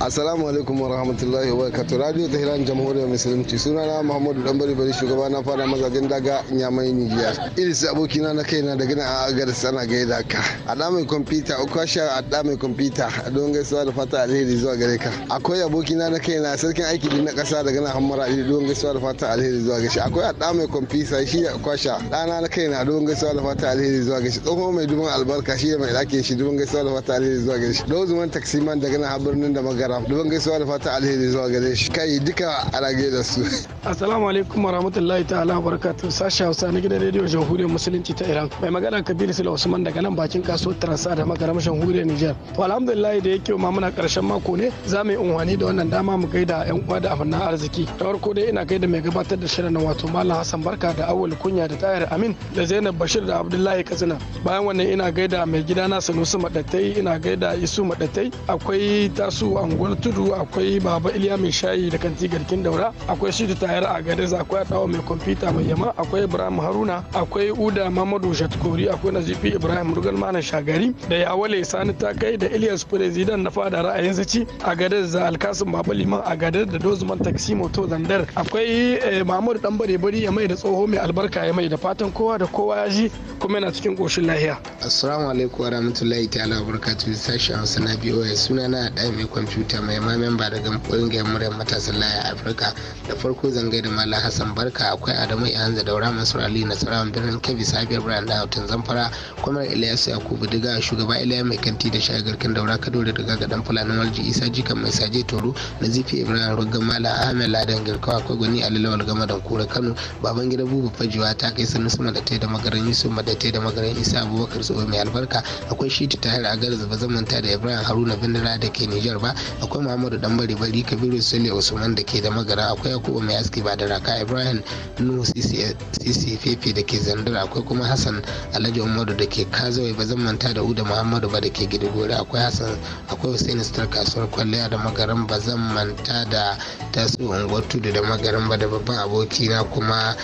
E: Assalamu alaikum wa rahmatullahi wa barakatuh. Radio Tehran Jamhuriyar Musulunci. suna na Muhammadu Dambari Bari shugaba na fara mazajen daga Nyamai Nijiya. Iris abokina na kaina daga na agar sana gaida ka. Ada mai kwamfuta, ukwasha ada mai kwamfuta. Don gaisuwa da fata alheri zuwa gare ka. Akwai abokina na kaina sarkin aiki din na kasa daga na Hammara Ali don gaisuwa da fata alheri zuwa gare shi. Akwai ada mai kwamfuta shi da kwashe Dana na kaina don gaisuwa da fata alheri zuwa gare shi. Tsoho mai dubin albarka shi da mai ɗakin shi dubin gaisuwa da fata alheri zuwa gare shi. Dozuman taksiman daga na birnin da maga magaram dubban gaisuwa da fata alheri zuwa gare shi kai duka alage da su
J: assalamu alaikum warahmatullahi ta'ala barakatuh sashi hausa na gidan rediyo jamhuriyar musulunci ta iran mai magana kabir sula usman daga nan bakin kasuwar taransa da magaram jamhuriyar niger to alhamdulillah da yake ma muna karshen mako ne za mu yi unhwani da wannan dama mu gaida yan uwa da abannan arziki da farko dai ina gaida mai gabatar da shirin wato malam hassan barka da awal kunya da tayar amin da zainab bashir da abdullahi katsina bayan wannan ina gaida mai gidana sanusi madattai ina gaida isu madattai akwai tasu an unguwar tudu akwai baba iliya mai shayi da kanti garkin daura akwai da tayar a za akwai adawa mai kwamfuta mai yama akwai ibrahim haruna akwai uda mamadu shatkori akwai nazifi ibrahim rugal mana shagari da yawale sani ta kai da Iliyas prezidan na fada ra'ayin zaci a gadez za alkasim baba liman a gadez da dozuman taksi moto zandar akwai eh, mamadu dan bare bari ya mai da tsoho mai albarka ya mai da fatan kowa da kowa ya ji kuma yana cikin koshin lahiya
K: assalamu alaikum warahmatullahi ta'ala wabarakatuh sashi hausa na biyo suna na da mai kwamfuta kwamfuta mai ma memba daga kungiyar muryar matasan laya afirka da farko zanga da mala hassan barka akwai adamu yanzu daura mansur ali nasarawan birnin kebbi sabiyar birnin da hautin zamfara kwamar ilyasu yakubu diga shugaba ilyas mai kanti da shagarkin daura kadore daga gadan fulani walji isa jikan mai saje toro nazifi ibrahim rugan malam ahmed ladan girkawa akwai gwani alilawal gama da kura kano baban gida bubu fajiwa ta kai sanu sama da ta da magaran yusuf madatai da magaran isa abubakar tsohon mai albarka akwai shi ta tahir agar zaba zamanta da ibrahim haruna bindira da ke nijar ba akwai muhammadu dan bari bari kabiru sule usman da ke da magara akwai yakubu mai aski ba da raka ibrahim nuhu cc fefe da ke zandar akwai kuma hassan alhaji umaru da ke kazawai ba zan manta da uda muhammadu ba da ke gidigori akwai hassan akwai hussein star kasuwar kwalliya da magaran ba zan manta da tasu unguwar tudu da magaran ba da babban abokina kuma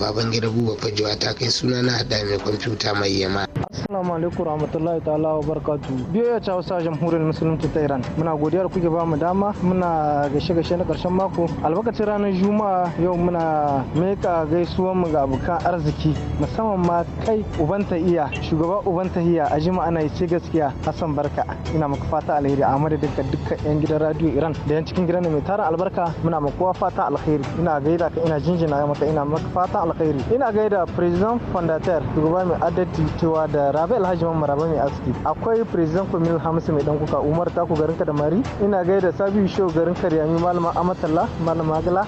K: baban gida buba fajewa ta kai suna na hada mai kwamfuta mai yamma.
F: Assalamu alaikum warahmatullahi ta'ala wa barakatuh. Biyo ya cawo sa jamhuriyar musulunci ta Iran. Muna godiyar kuke ba mu dama muna gashe gashe na karshen mako. Albarkacin ranar Juma'a yau muna meka gaisuwan mu ga abokan arziki musamman ma kai uban iya shugaba uban iya a jima ana yace gaskiya Hassan Barka. Ina maka fata alheri a madadin ka dukkan yan gidan radio Iran da yan cikin gidan mai tara albarka muna maka kowa fata alheri. Ina gaida ka ina jinjina maka ina maka fata alheri. Ina gaida president fondateur shugaba mai adalci cewa da rabi alhaji mamman Rabe mai aski akwai president kwamil hamisu mai dan kuka umar taku garin Mari ina gaida sabiu show garin karyami malama amatalla malama gala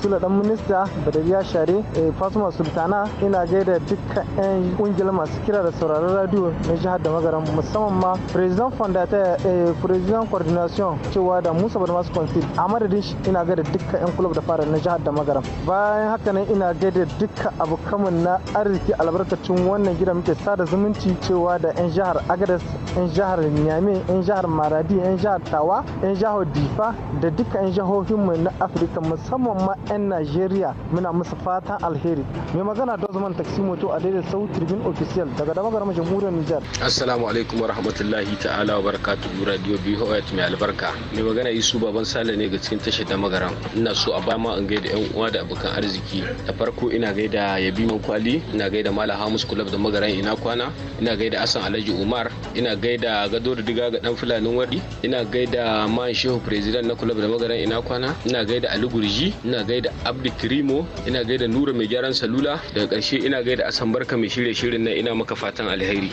F: tula eh, dan minista badariya share eh, Fasuma sultana ina gaida dukkan yan kungiyar masu kira da sauraron radio na jihar da magaran musamman ma president fondata eh, president coordination cewa da musa bada masu consul a madadin shi ina gaida dukkan yan kulob da fara na jihar da magaran bayan haka nan ina gaida dukkan abokanmu na arziki albarkacin wannan gida muke sada zumunci cewa da 'yan jihar agres 'yan jihar niamey 'yan jihar maradi 'yan jihar tawa 'yan jihar difa da duka 'yan jihohinmu na afirka musamman ma 'yan najeriya muna musu fatan alheri mai magana da zaman taksi moto a daidai sau tribun official daga damar jamhuriyar nijar
H: assalamu alaikum wa rahmatullahi ta'ala wa barakatuhu radio biyu mai albarka mai magana isu baban sale ne ga cikin tashar da magaran ina so a bama in gaida yan uwa da abokan arziki da farko ina gaida yabi kwali ina gaida malam hamus kulab da magaran ina kwa uwana ina gaida asan alhaji umar ina gaida gado da diga ga dan fulanin wadi ina gaida man shehu president na kulab da magaran ina kwana ina gaida ali gurji ina gaida abdi krimo ina gaida nura mai gyaran salula daga karshe ina gaida asan barka mai shirye shirin nan ina maka fatan
C: alheri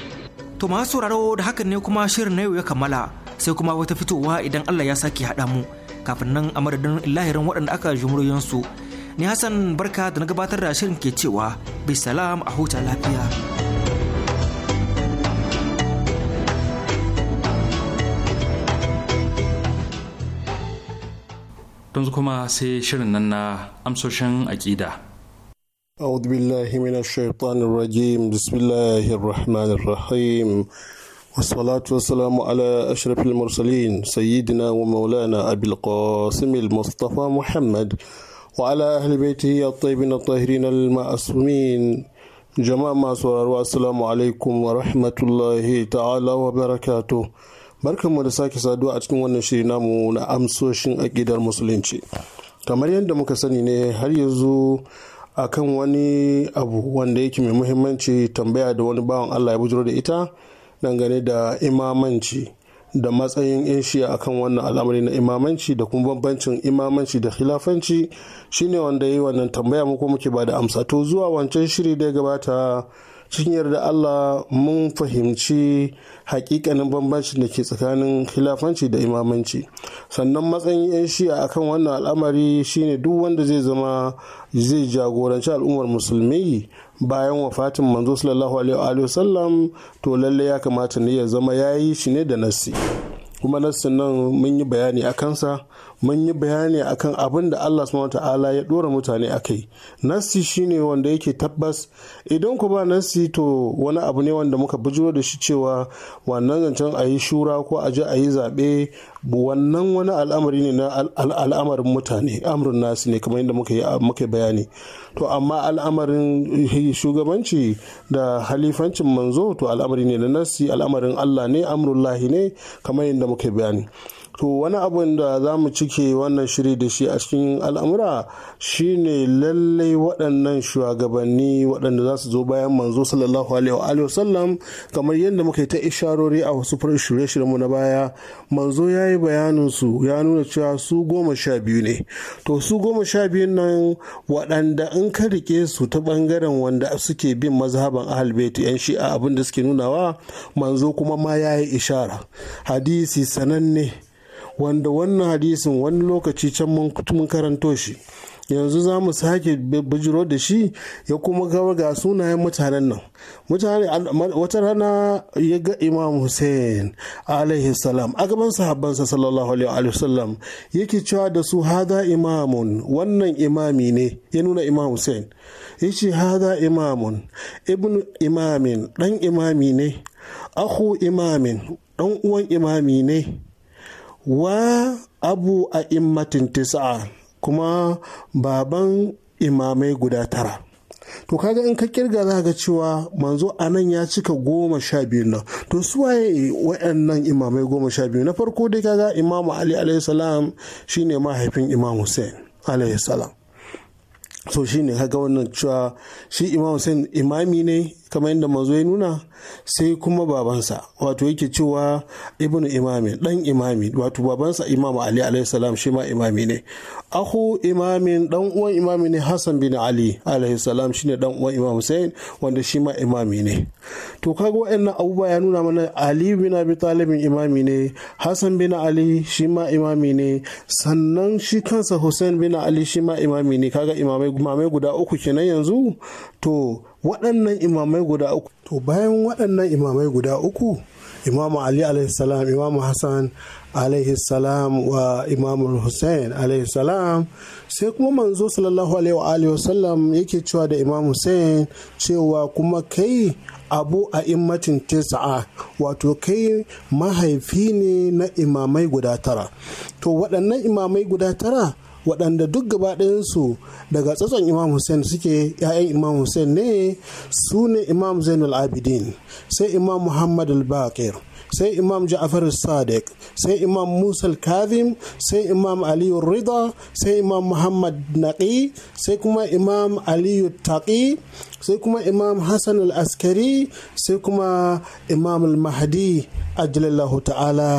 C: to masu sauraro da hakan ne kuma shirin na yau ya kammala sai kuma wata fitowa idan Allah ya sake haɗa mu kafin nan a madadin lahirin waɗanda aka jumuriyansu ni hassan barka da na gabatar da shirin ke cewa bisalam a huta lafiya
A: yanzu kuma sai shirin nan na amsoshin aƙida.
L: أعوذ بالله من الشيطان الرجيم بسم الله الرحمن الرحيم والصلاة والسلام على أشرف المرسلين سيدنا ومولانا أبي القاسم المصطفى محمد وعلى أهل بيته الطيبين الطاهرين المعصومين جماعة سورة والسلام عليكم ورحمة الله تعالى وبركاته barkan mu da sake saduwa a cikin wannan shiri namu na amsoshin aƙidar musulunci kamar yadda muka sani ne har yanzu akan wani abu wanda yake mai muhimmanci tambaya da wani bawan allah ya bujiro da ita dangane da imamanci da matsayin yan shiya kan wannan al'amari na imamanci da kuma bambancin imamanci da khilafanci shine wanda ya yi wannan tambaya mu ko muke ba da amsa to zuwa wancan shiri da ya gabata cikin yarda Allah mun fahimci hakikanin bambanci da ke tsakanin khilafanci da imamanci sannan matsayin 'yan shi'a akan wannan al'amari shine duk wanda zai zama zai jagoranci al'ummar musulmi bayan wafatin manzo sallallahu alaihi wasallam to lalle ya kamata ne ya zama yayi shi ne da nassi kuma nassin nan mun yi bayani a kansa mun yi bayani akan abin da Allah ta'ala ya dora mutane a nasi nassi shine wanda yake tabbas idan ku ba nassi to wani abu ne wanda muka bujiro da shi cewa wannan zancen a yi shura ko a je a yi zaɓe wannan wani al'amari ne na al'amarin mutane amrun nasi ne kamar yadda muka yi muka bayani to amma al'amarin shugabanci da halifancin manzo to al'amari ne na nassi al'amarin Allah ne amrullahi ne kamar yadda muka bayani to wani abin da za mu cike wannan shiri da shi a cikin al'amura shine lallai waɗannan shugabanni waɗanda za su zo bayan manzo sallallahu alaihi wa sallam kamar yadda muka yi ta isharori a wasu shirye mu na baya manzo ya yi bayanin ya nuna cewa su goma sha biyu ne to su goma sha biyu nan waɗanda in ka rike su ta ɓangaren wanda suke bin mazhaban ahal baitu yan shi'a abin da suke nunawa manzo kuma ma ya yi ishara hadisi sananne wanda wannan hadisin wani lokaci can mun karanto shi yanzu za mu sake bijiro da shi ya kuma gaba ga sunayen mutanen nan mutane wata rana ya ga imam hussein alaihi salam a gaban sahabbansa sallallahu alaihi wasallam yake cewa da su hada imamun wannan imami ne ya nuna imam hussein ce hada imamun ibn imamin dan imami ne akhu imamin dan uwan imami ne wa abu a immatin tisa kuma baban imamai guda tara to kaga in ka kirga za ga cewa manzo nan ya cika goma sha biyu nan to su waye waɗannan imamai goma sha biyu na farko dai kaga imamu ali alayhi salam shine mahaifin imam hussein alayhi salam so shine kaga wannan cewa shi imam hussein imami ne kamar yadda manzo ya nuna sai kuma babansa wato yake cewa ibnu imami dan imami wato babansa imam ali alayhi salam shi ma imami ne ahu imamin dan uwan imami ne hassan bin ali alayhi salam shine dan uwan imam hussein wanda shi ma imami ne to kaga wa'annan abubuwa ya nuna mana ali bin abi talib imami ne hassan bin ali shi ma imami ne sannan shi kansa hussein bin ali shi ma imami ne kaga imamai guda uku kenan yanzu to waɗannan imamai guda uku to bayan waɗannan imamai guda uku imamu ali alaihi salam imamu hassan alaihi salam wa imamu hussein alaihi salam sai kuma manzo sallallahu alaihi wa sallam yake cewa da imam hussein cewa kuma kai abu a immatin tisa'a wato kai mahaifi ne na imamai guda tara to waɗannan imamai guda tara waɗanda duk gaba ɗayansu daga tsatson imam hussein suke 'ya'yan imam hussein ne su ne imam zainul abidin sai imam muhammad al-baqir sai imam ja'far sadiq sai imam musa kazim sai imam aliyu rida sai imam muhammad naqi sai kuma imam aliyu taqi sai kuma imam hassan al-askari sai kuma imam al-mahdi ajalallahu ta'ala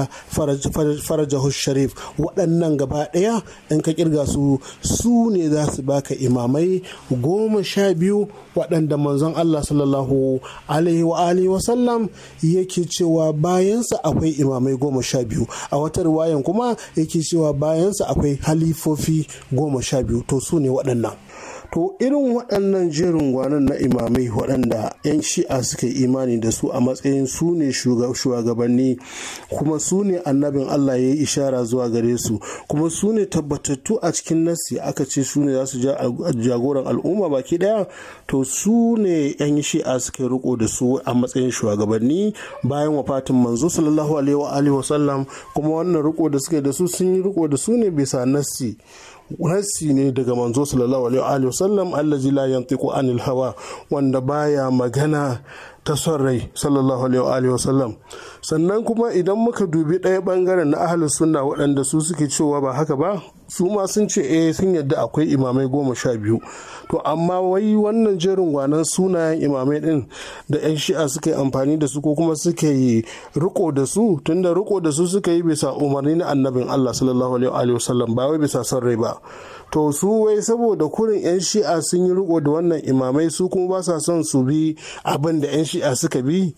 L: farajahu sharif waɗannan gaba ɗaya in ka ƙirga su su ne za su baka imamai goma sha biyu waɗanda manzon allah sallallahu alaihi wa alihi wasallam yake cewa bayansa akwai imamai goma sha biyu a wata riwayan kuma yake cewa bayansa akwai halifofi goma sha biyu to su ne waɗannan to irin waɗannan jerin gwanon na imamai waɗanda 'yan shi'a suka yi imani da su a matsayin su ne shugabanni kuma su ne annabin allah ya yi ishara zuwa gare su kuma su ne tabbatattu a cikin nasi aka ce su ne za su jagoran al'umma baki ɗaya to su ne 'yan shi'a suka riko da su a matsayin shugabanni bayan wafatin manzo sallallahu alaihi wa sallam kuma wannan riko da suka da su sun yi riko da su ne bisa nasi nassi ne daga manzo sallallahu alaihi wa sallam allazi la yantiqu anil hawa wanda baya magana ta son rai sallallahu alaihi wa sallam sannan kuma idan muka dubi ɗaya bangaren na ahlus sunna waɗanda su suke cewa ba haka ba su ma sun ce eh sun yadda akwai imamai goma sha biyu to amma wai wannan jerin gwanan sunayen imamai din da 'yan shi'a suka yi amfani da su ko kuma suka yi riko da su tunda riko da su suka yi bisa umarni na annabin allah sallallahu alaihi wasallam ba wai bisa son rai ba to su wai saboda kurin 'yan shi'a sun yi riko da wannan imamai su kuma ba sa son su bi abin da 'yan shi'a suka bi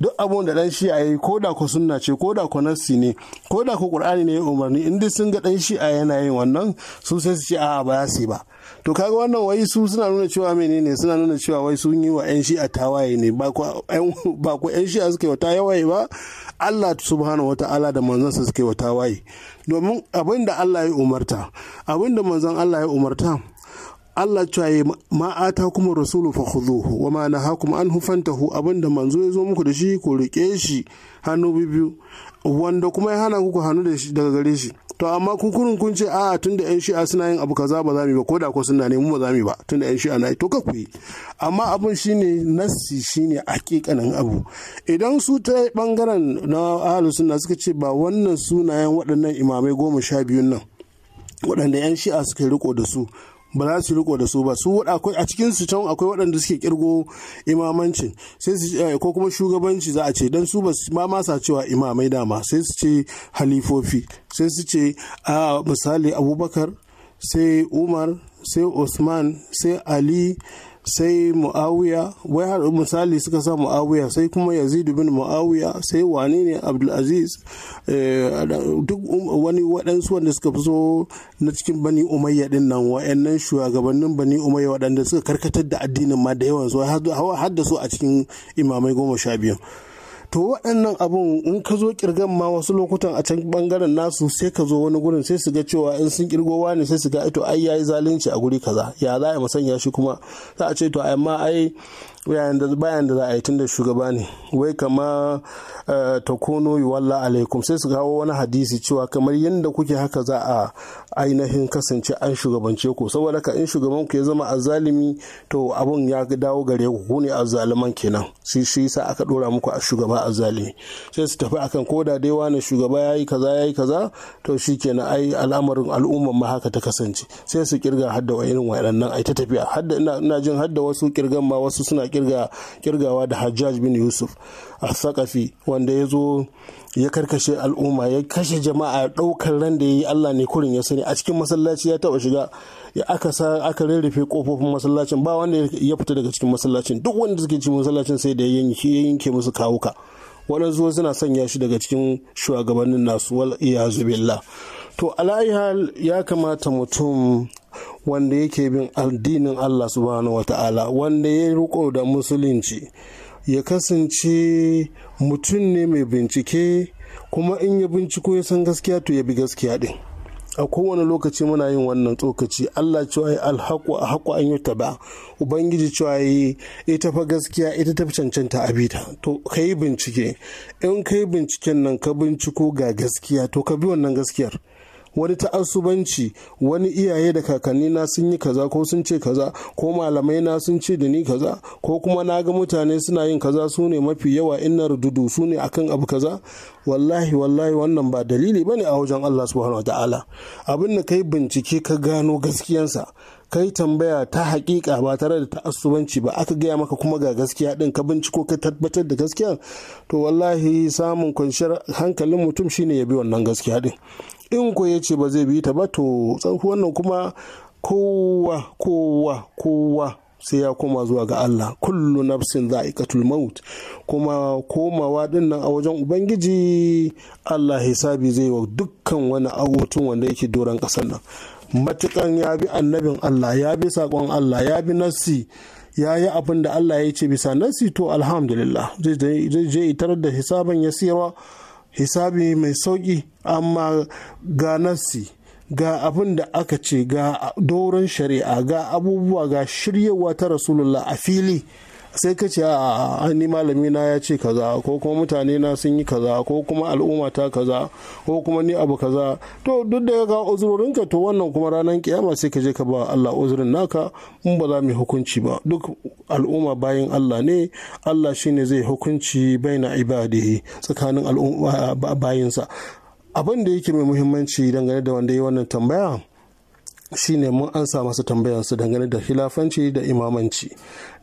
L: duk abin da dan shi'a yi ko da ku sunna ce ko da ku nassi ne ko da ku qur'ani ne ya umarni in dai sun ga dan shi'a yana yin wannan su sai su ce a'a ba ya ba to kaga wannan wai su suna nuna cewa menene suna nuna cewa wai sun yi wa 'yan shi'a tawaye ne ba ku 'yan shi'a suke wa tawaye ba Allah subhanahu ta'ala da manzansa suke wa tawaye domin abin da Allah ya umarta abin da manzon Allah ya umarta Allah cewa ya ma'ata kuma rasulu fa khudhuhu wa ma an hu abin da manzo ya zo muku da shi ko rike shi hannu biyu wanda kuma ya hana ku hannu daga gare shi to amma ku kun ce a'a tunda yan shi'a suna yin abu kaza ba za mu ba ko da ko suna ne mu ba za mu ba tunda yan shi'a na to ka ku yi amma abin shine nassi shine hakikanin abu idan su ta bangaren na ahlus sunna suka ce ba wannan sunayen waɗannan imamai goma sha biyun nan waɗanda 'yan shi'a suka riko da su ba za su riko da su ba su akwai a cikin su can akwai waɗanda suke kirgo imamancin sai su eh, ko kuma shugabanci za a ce dan su ba ma masa cewa imamai dama sai su ce halifofi sai su ce a misali abubakar sai umar sai usman sai ali sai mu'awiya wai har misali suka sa mu'awiya sai kuma yazid bin mu'awiya sai wani ne abdulaziz eh, duk um, wani waɗansu wanda suka so na cikin bani umayya din nan wa'annan shugabannin bani umayya waɗanda suka karkatar da addinin ma da yawan su har da su a cikin imamai goma sha biyu to waɗannan abun in ka zo kirgan ma wasu lokutan a can bangaren nasu sai ka zo wani gurin sai su ga cewa in sun kirgo ne sai su ga to ai yayi zalunci a guri kaza ya za a musanya shi kuma za a ce to amma ai bayan da za a yi tun da shugaba ne wai kama eh, ta kono walla alaikum sai su kawo wani hadisi cewa kamar yadda kuke haka za a ainihin kasance an shugabance ku saboda ka in shugaban ku ya zama zalimi to abun ya dawo gare ku ku ne azzaliman kenan shi shi sa aka dora muku a shugaba azzalimi sai su tafi akan ko da dai wani shugaba ya yi kaza ya yi kaza to shi kenan ai al'amarin al'umman ma haka ta kasance sai su kirga hadda irin waɗannan ai ta tafiya hadda ina jin hadda wasu kirgan ma wasu suna kirgawa da hajjaj bin yusuf a sakafi wanda ya zo ya karkashe al'umma ya kashe jama'a ɗaukar ran da ya yi allah ne kurin ya sani a cikin masallaci ya taba shiga ya aka sa aka rarrafe kofofin masallacin ba wanda ya fita daga cikin masallacin duk wanda suke cikin masallacin sai da ya yanke musu kawuka waɗansu suna sanya shi daga cikin shugabannin nasu wal iyazu billah to hal ya kamata mutum wanda yake bin addinin Allah subhanahu ta'ala wanda ya riko da musulunci ya kasance mutum ne mai bincike kuma in ya binciko ya san gaskiya to ya bi gaskiya din a kowane lokaci muna yin wannan tsokaci Allah cewa ya alhaku a haku an yi ba ubangiji cewa yi ita fa gaskiya ita ta cancanta a bita to ka yi bincike in ka yi binciken nan ka binciko ga gaskiya to ka bi wannan gaskiyar wani ta'asubanci wani iyaye da kakanni na sun yi kaza ko sun ce kaza ko malamai na sun ce da ni kaza ko kuma na ga mutane suna yin kaza su ne mafi yawa in na rududu su ne akan abu kaza wallahi wallahi wannan ba dalili bane a wajen Allah subhanahu ta'ala abin da kai bincike ka gano gaskiyansa kai tambaya ta hakika ba tare da ta'assubanci ba aka gaya maka kuma ga gaskiya din ka binciko ka tabbatar da gaskiya to wallahi samun kwanciyar hankalin mutum shine ya bi wannan gaskiya din in ko ya ce ba zai bi ta ba to tsakuwan nan kuma kowa kowa kowa sai ya koma zuwa ga Allah kullu nafsin za'iqatul maut kuma komawa din nan a wajen ubangiji Allah hisabi zai wa dukkan wani awutun wanda yake doron kasar nan matukan ya bi annabin Allah ya bi sakon Allah ya bi nassi ya yi abin da Allah ya ce bisa nasi to alhamdulillah zai je tarar da hisaban yasira hisabi mai sauƙi amma ga nasi ga abin da aka ce ga doron shari'a ga abubuwa ga shiryawa ta rasulullah a fili sai ka ce a ni malami na ya ce kaza ko kuma mutane na sun yi kaza ko kuma al'umma ta kaza ko kuma ni abu kaza to duk da ga uzurorinka to wannan kuma ranar kiyama sai ka je ka ba Allah uzurin naka mun ba za mu hukunci ba duk al'umma bayan Allah ne Allah shine zai hukunci baina ibadihi tsakanin al'umma bayinsa abin da yake mai muhimmanci dangane da wanda ya wannan tambaya shine mun ansa masa tambayansu dangane da hilafanci da imamanci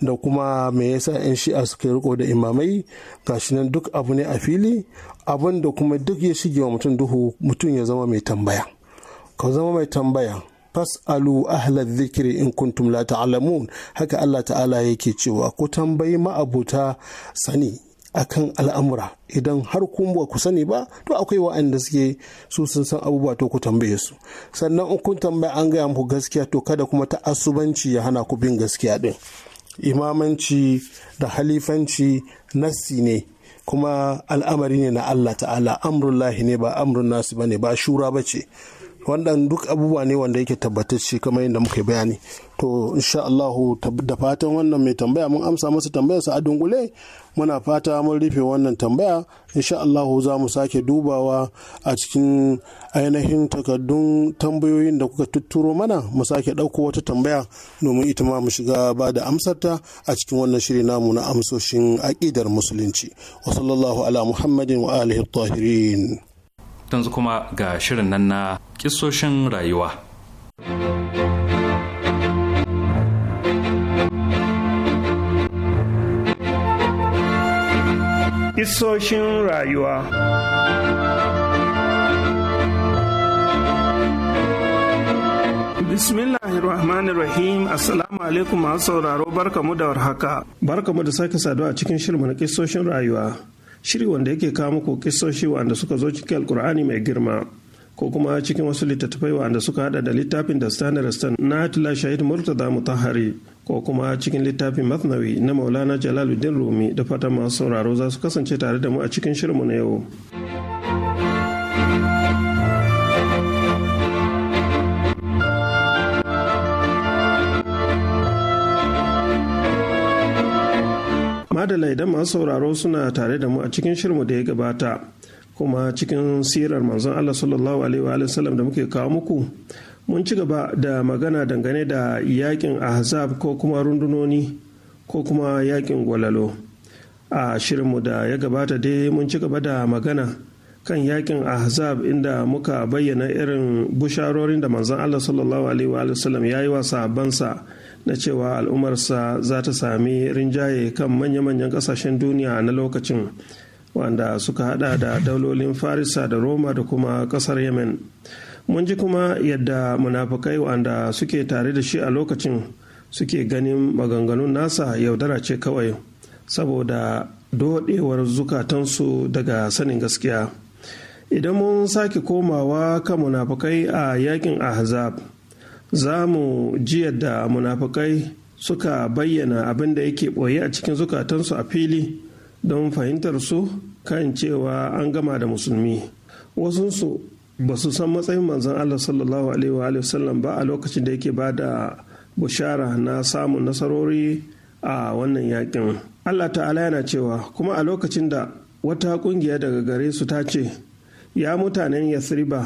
L: da kuma me yasa 'yan shi'a suke riko da imamai gashi nan duk abu ne a fili abin da kuma duk ya shige wa mutum duhu mutum ya zama mai tambaya ka zama mai tambaya Fas alu ahla zikiri in kuntum la ta'lamun haka Allah ta'ala yake cewa ku tambayi ma'abuta sani akan al'amura idan har kun ba ku sani ba to akwai wa'anda suke su sun san abubuwa to ku tambaye su sannan in kun tambaya an gaya muku gaskiya to kada kuma ta'assubanci ya hana ku bin gaskiya din imamanci da halifanci nassi ne kuma al'amari ne na Allah ta'ala amrullahi ne ba amrun nasu bane ba shura bace wannan duk abubuwa ne wanda yake tabbatar shi kamar yadda muka bayani to insha Allah da fatan wannan mai tambaya mun amsa masa tambayar sa a dungule muna fata mun rufe wannan tambaya insha Allah za mu sake dubawa a cikin ainihin takardun tambayoyin da kuka tutturo mana mu sake ɗauko wata tambaya domin ita ma mu shiga ba da amsarta a cikin wannan shiri namu na amsoshin aƙidar musulunci wa sallallahu ala muhammadin wa alihi tahirin
A: yanzu kuma ga shirin nan na kisoshin rayuwa.
B: Kisoshin rayuwa Bismillahirrahmanirrahim Assalamu alaikum masu sauraro barkamu da warhaka. Barkamu da sake saduwa a cikin shirin na kisoshin rayuwa. shiri wanda yake kawo muku kisoshi wanda suka zo cikin alkur'ani mai girma ko kuma cikin wasu littattafai wanda suka hada da littafin da standard stan na atila shahid murtaza mutahari ko kuma cikin littafin masnawi na maulana jalaluddin rumi da fata masu sauraro za su kasance tare da mu a cikin shirinmu na yau. da idan masu sauraro suna tare da mu a cikin shirmu da ya gabata kuma cikin sirar manzon Allah sallallahu alaihi wa sallam da muke kawo muku mun ci gaba da magana dangane da yakin ahzab ko kuma rundunoni ko kuma yakin gwalalo a shirinmu da ya gabata dai mun ci gaba da magana kan yakin ahzab inda muka bayyana irin busharorin da manzon Allah sallallahu alaihi wa sallam ya yi wa na cewa al'ummarsa za ta sami rinjaye kan manya-manyan kasashen duniya na lokacin wanda suka hada da daulolin farisa da roma da kuma kasar yemen mun ji kuma yadda munafukai wanda suke tare da shi a lokacin suke ganin maganganun nasa yaudara ce kawai saboda doɗewar zukatansu daga sanin gaskiya idan mun sake komawa kan munafukai a yakin ahzab za mu ji yadda munafukai suka bayyana abin da yake ɓoye a cikin zukatansu a fili don fahimtar su kan cewa an gama da musulmi wasunsu ba su san matsayin manzon Allah sallallahu alaihi wasallam ba a lokacin da yake ba da bushara na samun nasarori a wannan yakin Allah ta'ala yana cewa kuma a lokacin da wata kungiya daga gare su ta ce ya mutanen yasriba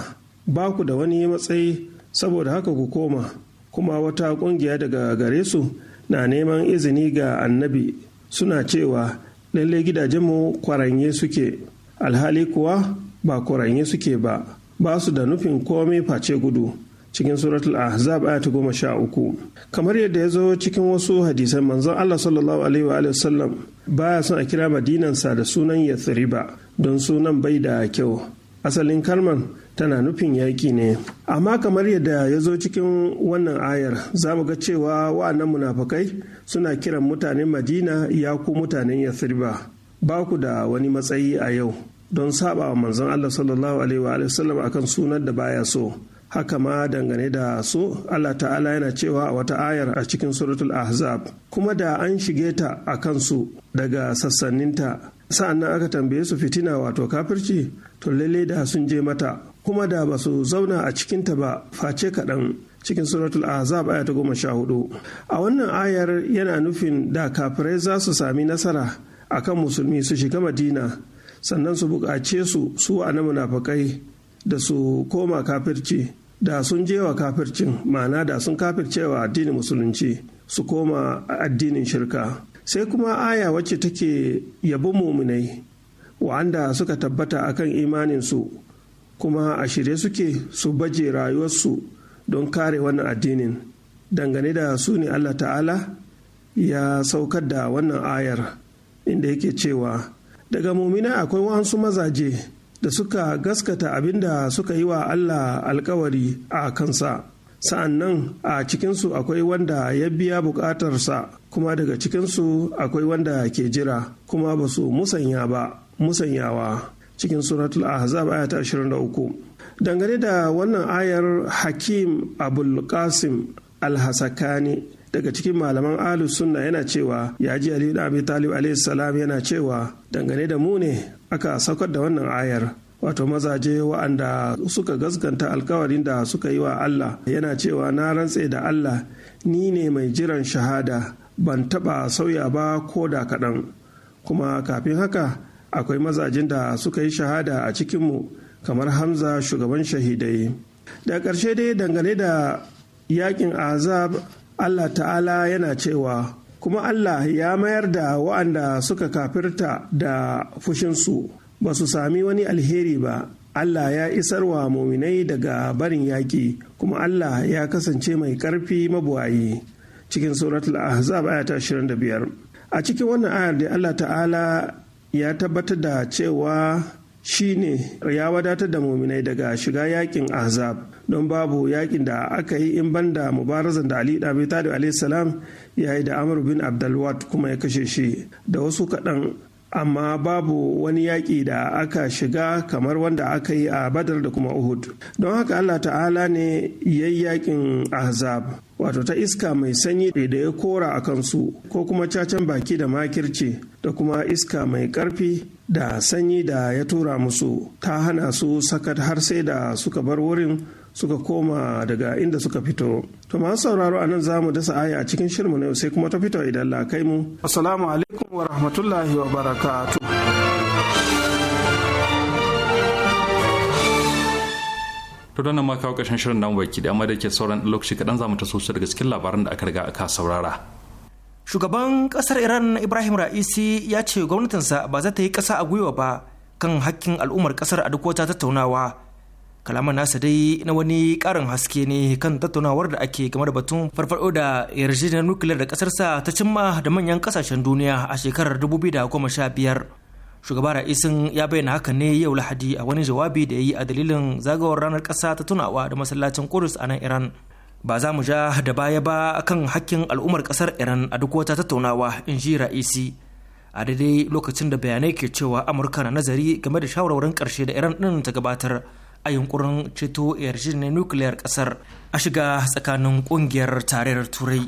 B: ba ku da wani matsayi saboda haka ku koma kuma wata ƙungiya daga gare su na neman izini ga annabi suna cewa lalle gidajenmu kwaranye suke alhali kuwa ba kwaranye suke ba ba su da nufin komai face gudu cikin suratul ahzab ayat goma sha uku kamar yadda ya zo cikin wasu hadisan manzon allah sallallahu alaihi wa sallam baya son a kira madinansa da sunan yathriba don sunan bai da kyau asalin kalman tana nufin yaƙi ne amma kamar yadda ya zo cikin wannan ayar za mu ga cewa wa'annan munafakai suna kiran mutanen madina ya ku mutanen yasriba ba ku da wani matsayi a yau don saba wa manzon allah sallallahu alaihi wa sallam akan sunan da baya so haka ma dangane da su Allah ta'ala yana cewa a wata ayar a cikin suratul ahzab kuma da an shige ta a kansu daga sassaninta sa'annan aka tambaye su fitina wato kafirci to lalle da sun je mata kuma da ba su zauna a cikinta ba face kaɗan cikin suratul azab aya ta goma sha hudu a wannan ayar yana nufin da kafirai za su sami nasara a kan musulmi su shiga madina sannan su buƙace su su a na munafakai da su koma kafirci da sun je wa kafircin ma'ana da sun kafircewa addinin musulunci su koma addinin shirka sai kuma aya wacce take yabo muminai wa'anda suka tabbata akan imaninsu kuma a shirye suke su baje rayuwarsu don kare wannan addinin dangane da su ne allah ta'ala ya saukar da wannan ayar inda yake cewa daga mumina akwai wasu mazaje da suka gaskata abinda suka yi wa allah alkawari a kansa sa'an nan a cikinsu akwai wanda ya biya bukatarsa kuma daga cikinsu akwai wanda ke jira kuma ba su musanya ba musanyawa cikin suratul ahzab aya ta 23 dangane da wannan ayar hakim abul qasim al-hasakani daga cikin malaman ahlus sunna yana cewa ya ji ali da abi talib salam yana cewa dangane da mu ne aka saukar da wannan ayar wato mazaje wa'anda suka gaskanta alkawarin da suka yi wa Allah yana cewa na rantse da Allah ni ne mai jiran shahada ban taɓa sauya ba ko da kaɗan kuma kafin haka akwai mazajen da suka yi shahada a cikinmu kamar hamza shugaban shahidai da ƙarshe dai dangane da yakin azab allah ta'ala yana cewa kuma allah ya mayar da wa'anda suka kafirta da fushinsu ba su sami wani alheri ba Allah ya isar wa muminai daga barin yaƙi kuma Allah ya kasance mai ƙarfi mabuwayi cikin suratul ahzab aya ta 25 a cikin wannan ayar da Allah ta'ala ya tabbatar da cewa shi ne ya wadatar da mominai daga shiga yakin ahzab don babu yakin da aka yi in banda mubarazan da ali dabi talib salam ya yi da amr bin abdulwat kuma ya kashe shi da wasu kaɗan amma babu wani yaƙi da aka shiga kamar wanda aka yi a badar da kuma uhud don haka allah ta'ala ne ya yaƙin ahzab wato ta iska mai sanyi da ya kora a kansu ko kuma cacen baki da makirci da kuma iska mai ƙarfi da sanyi da ya tura musu ta hana su sakat har sai da suka bar wurin suka koma daga inda suka fito To masu sauraro anan nan za mu dasa aya a cikin mu na yau sai kuma ta fito idan la kai mu. Assalamu alaikum wa rahmatullahi wa barakatu.
A: To nan ma kawo ƙarshen shirin nan baki da amma da ke sauran lokaci kaɗan za mu ta sosai daga cikin labaran da aka riga aka saurara.
C: Shugaban ƙasar Iran Ibrahim Ra'isi ya ce gwamnatinsa ba za ta yi kasa a gwiwa ba kan hakkin al'ummar ƙasar a duk wata tattaunawa kalaman nasa dai na wani karin haske ne kan tattaunawar da ake game da batun farfado da yarjejeniyar nukiliyar da kasarsa ta cimma da manyan kasashen duniya a shekarar da sha biyar shugaba ra'isin ya bayyana haka ne yau lahadi a wani jawabi da ya yi a dalilin zagawar ranar kasa ta tunawa da masallacin kudus a nan iran ba za mu ja da baya ba kan hakkin al'ummar kasar iran a duk wata tattaunawa in ji ra'isi a daidai lokacin da bayanai ke cewa amurka na nazari game da shawarwarin karshe da iran din ta gabatar a yunkurin ceto yarjejeniyar nukiliyar kasar a shiga tsakanin kungiyar tarayyar turai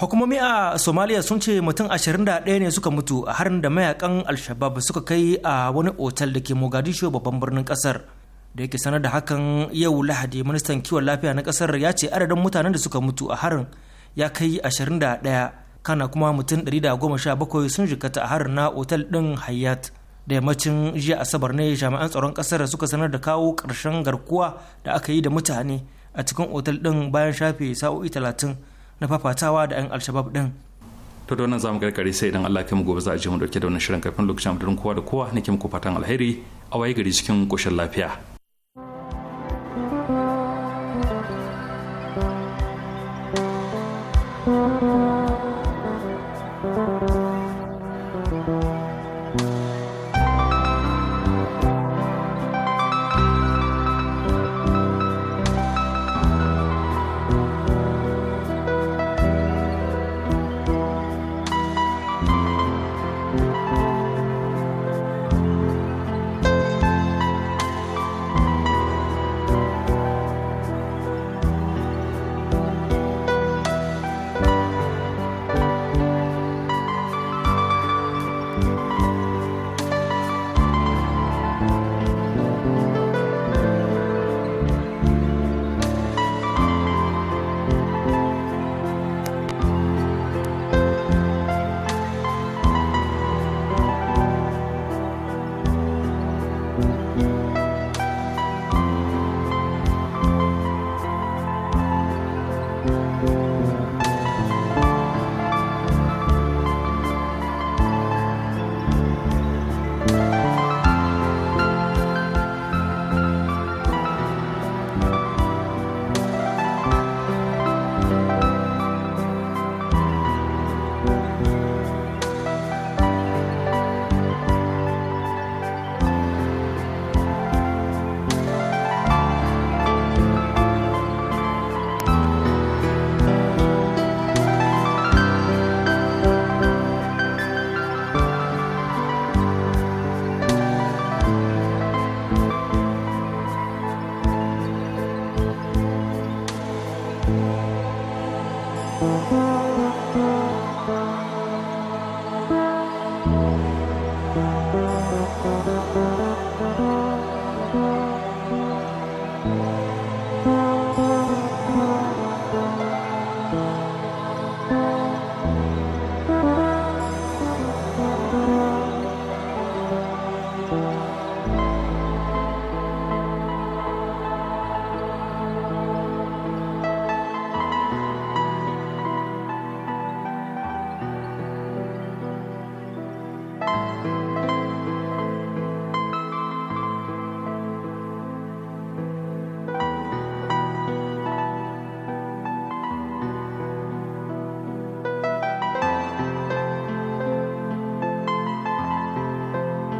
C: hukumomi a somaliya sun ce mutum 21 ne suka mutu a harin da mayakan alshabab suka kai a wani otal da ke mogadishu babban birnin kasar da yake sanar da hakan yau lahadi ministan kiwon lafiya na kasar ya ce adadin mutanen da suka mutu a harin ya kai 21 kana kuma mutum 117 sun jikata a harin na otal din hayat da yammacin jiya asabar ne jami'an tsaron kasar suka sanar da kawo karshen garkuwa da aka yi da mutane a cikin otal ɗin bayan shafe sa'o'i talatin na fafatawa da 'yan alshabab ɗin
A: to da wannan zamu karkare sai idan Allah mu gobe za a je mu dauke da wannan shirin kafin lokacin abdurin kowa da kowa nake muku fatan alheri a waye gari cikin koshin lafiya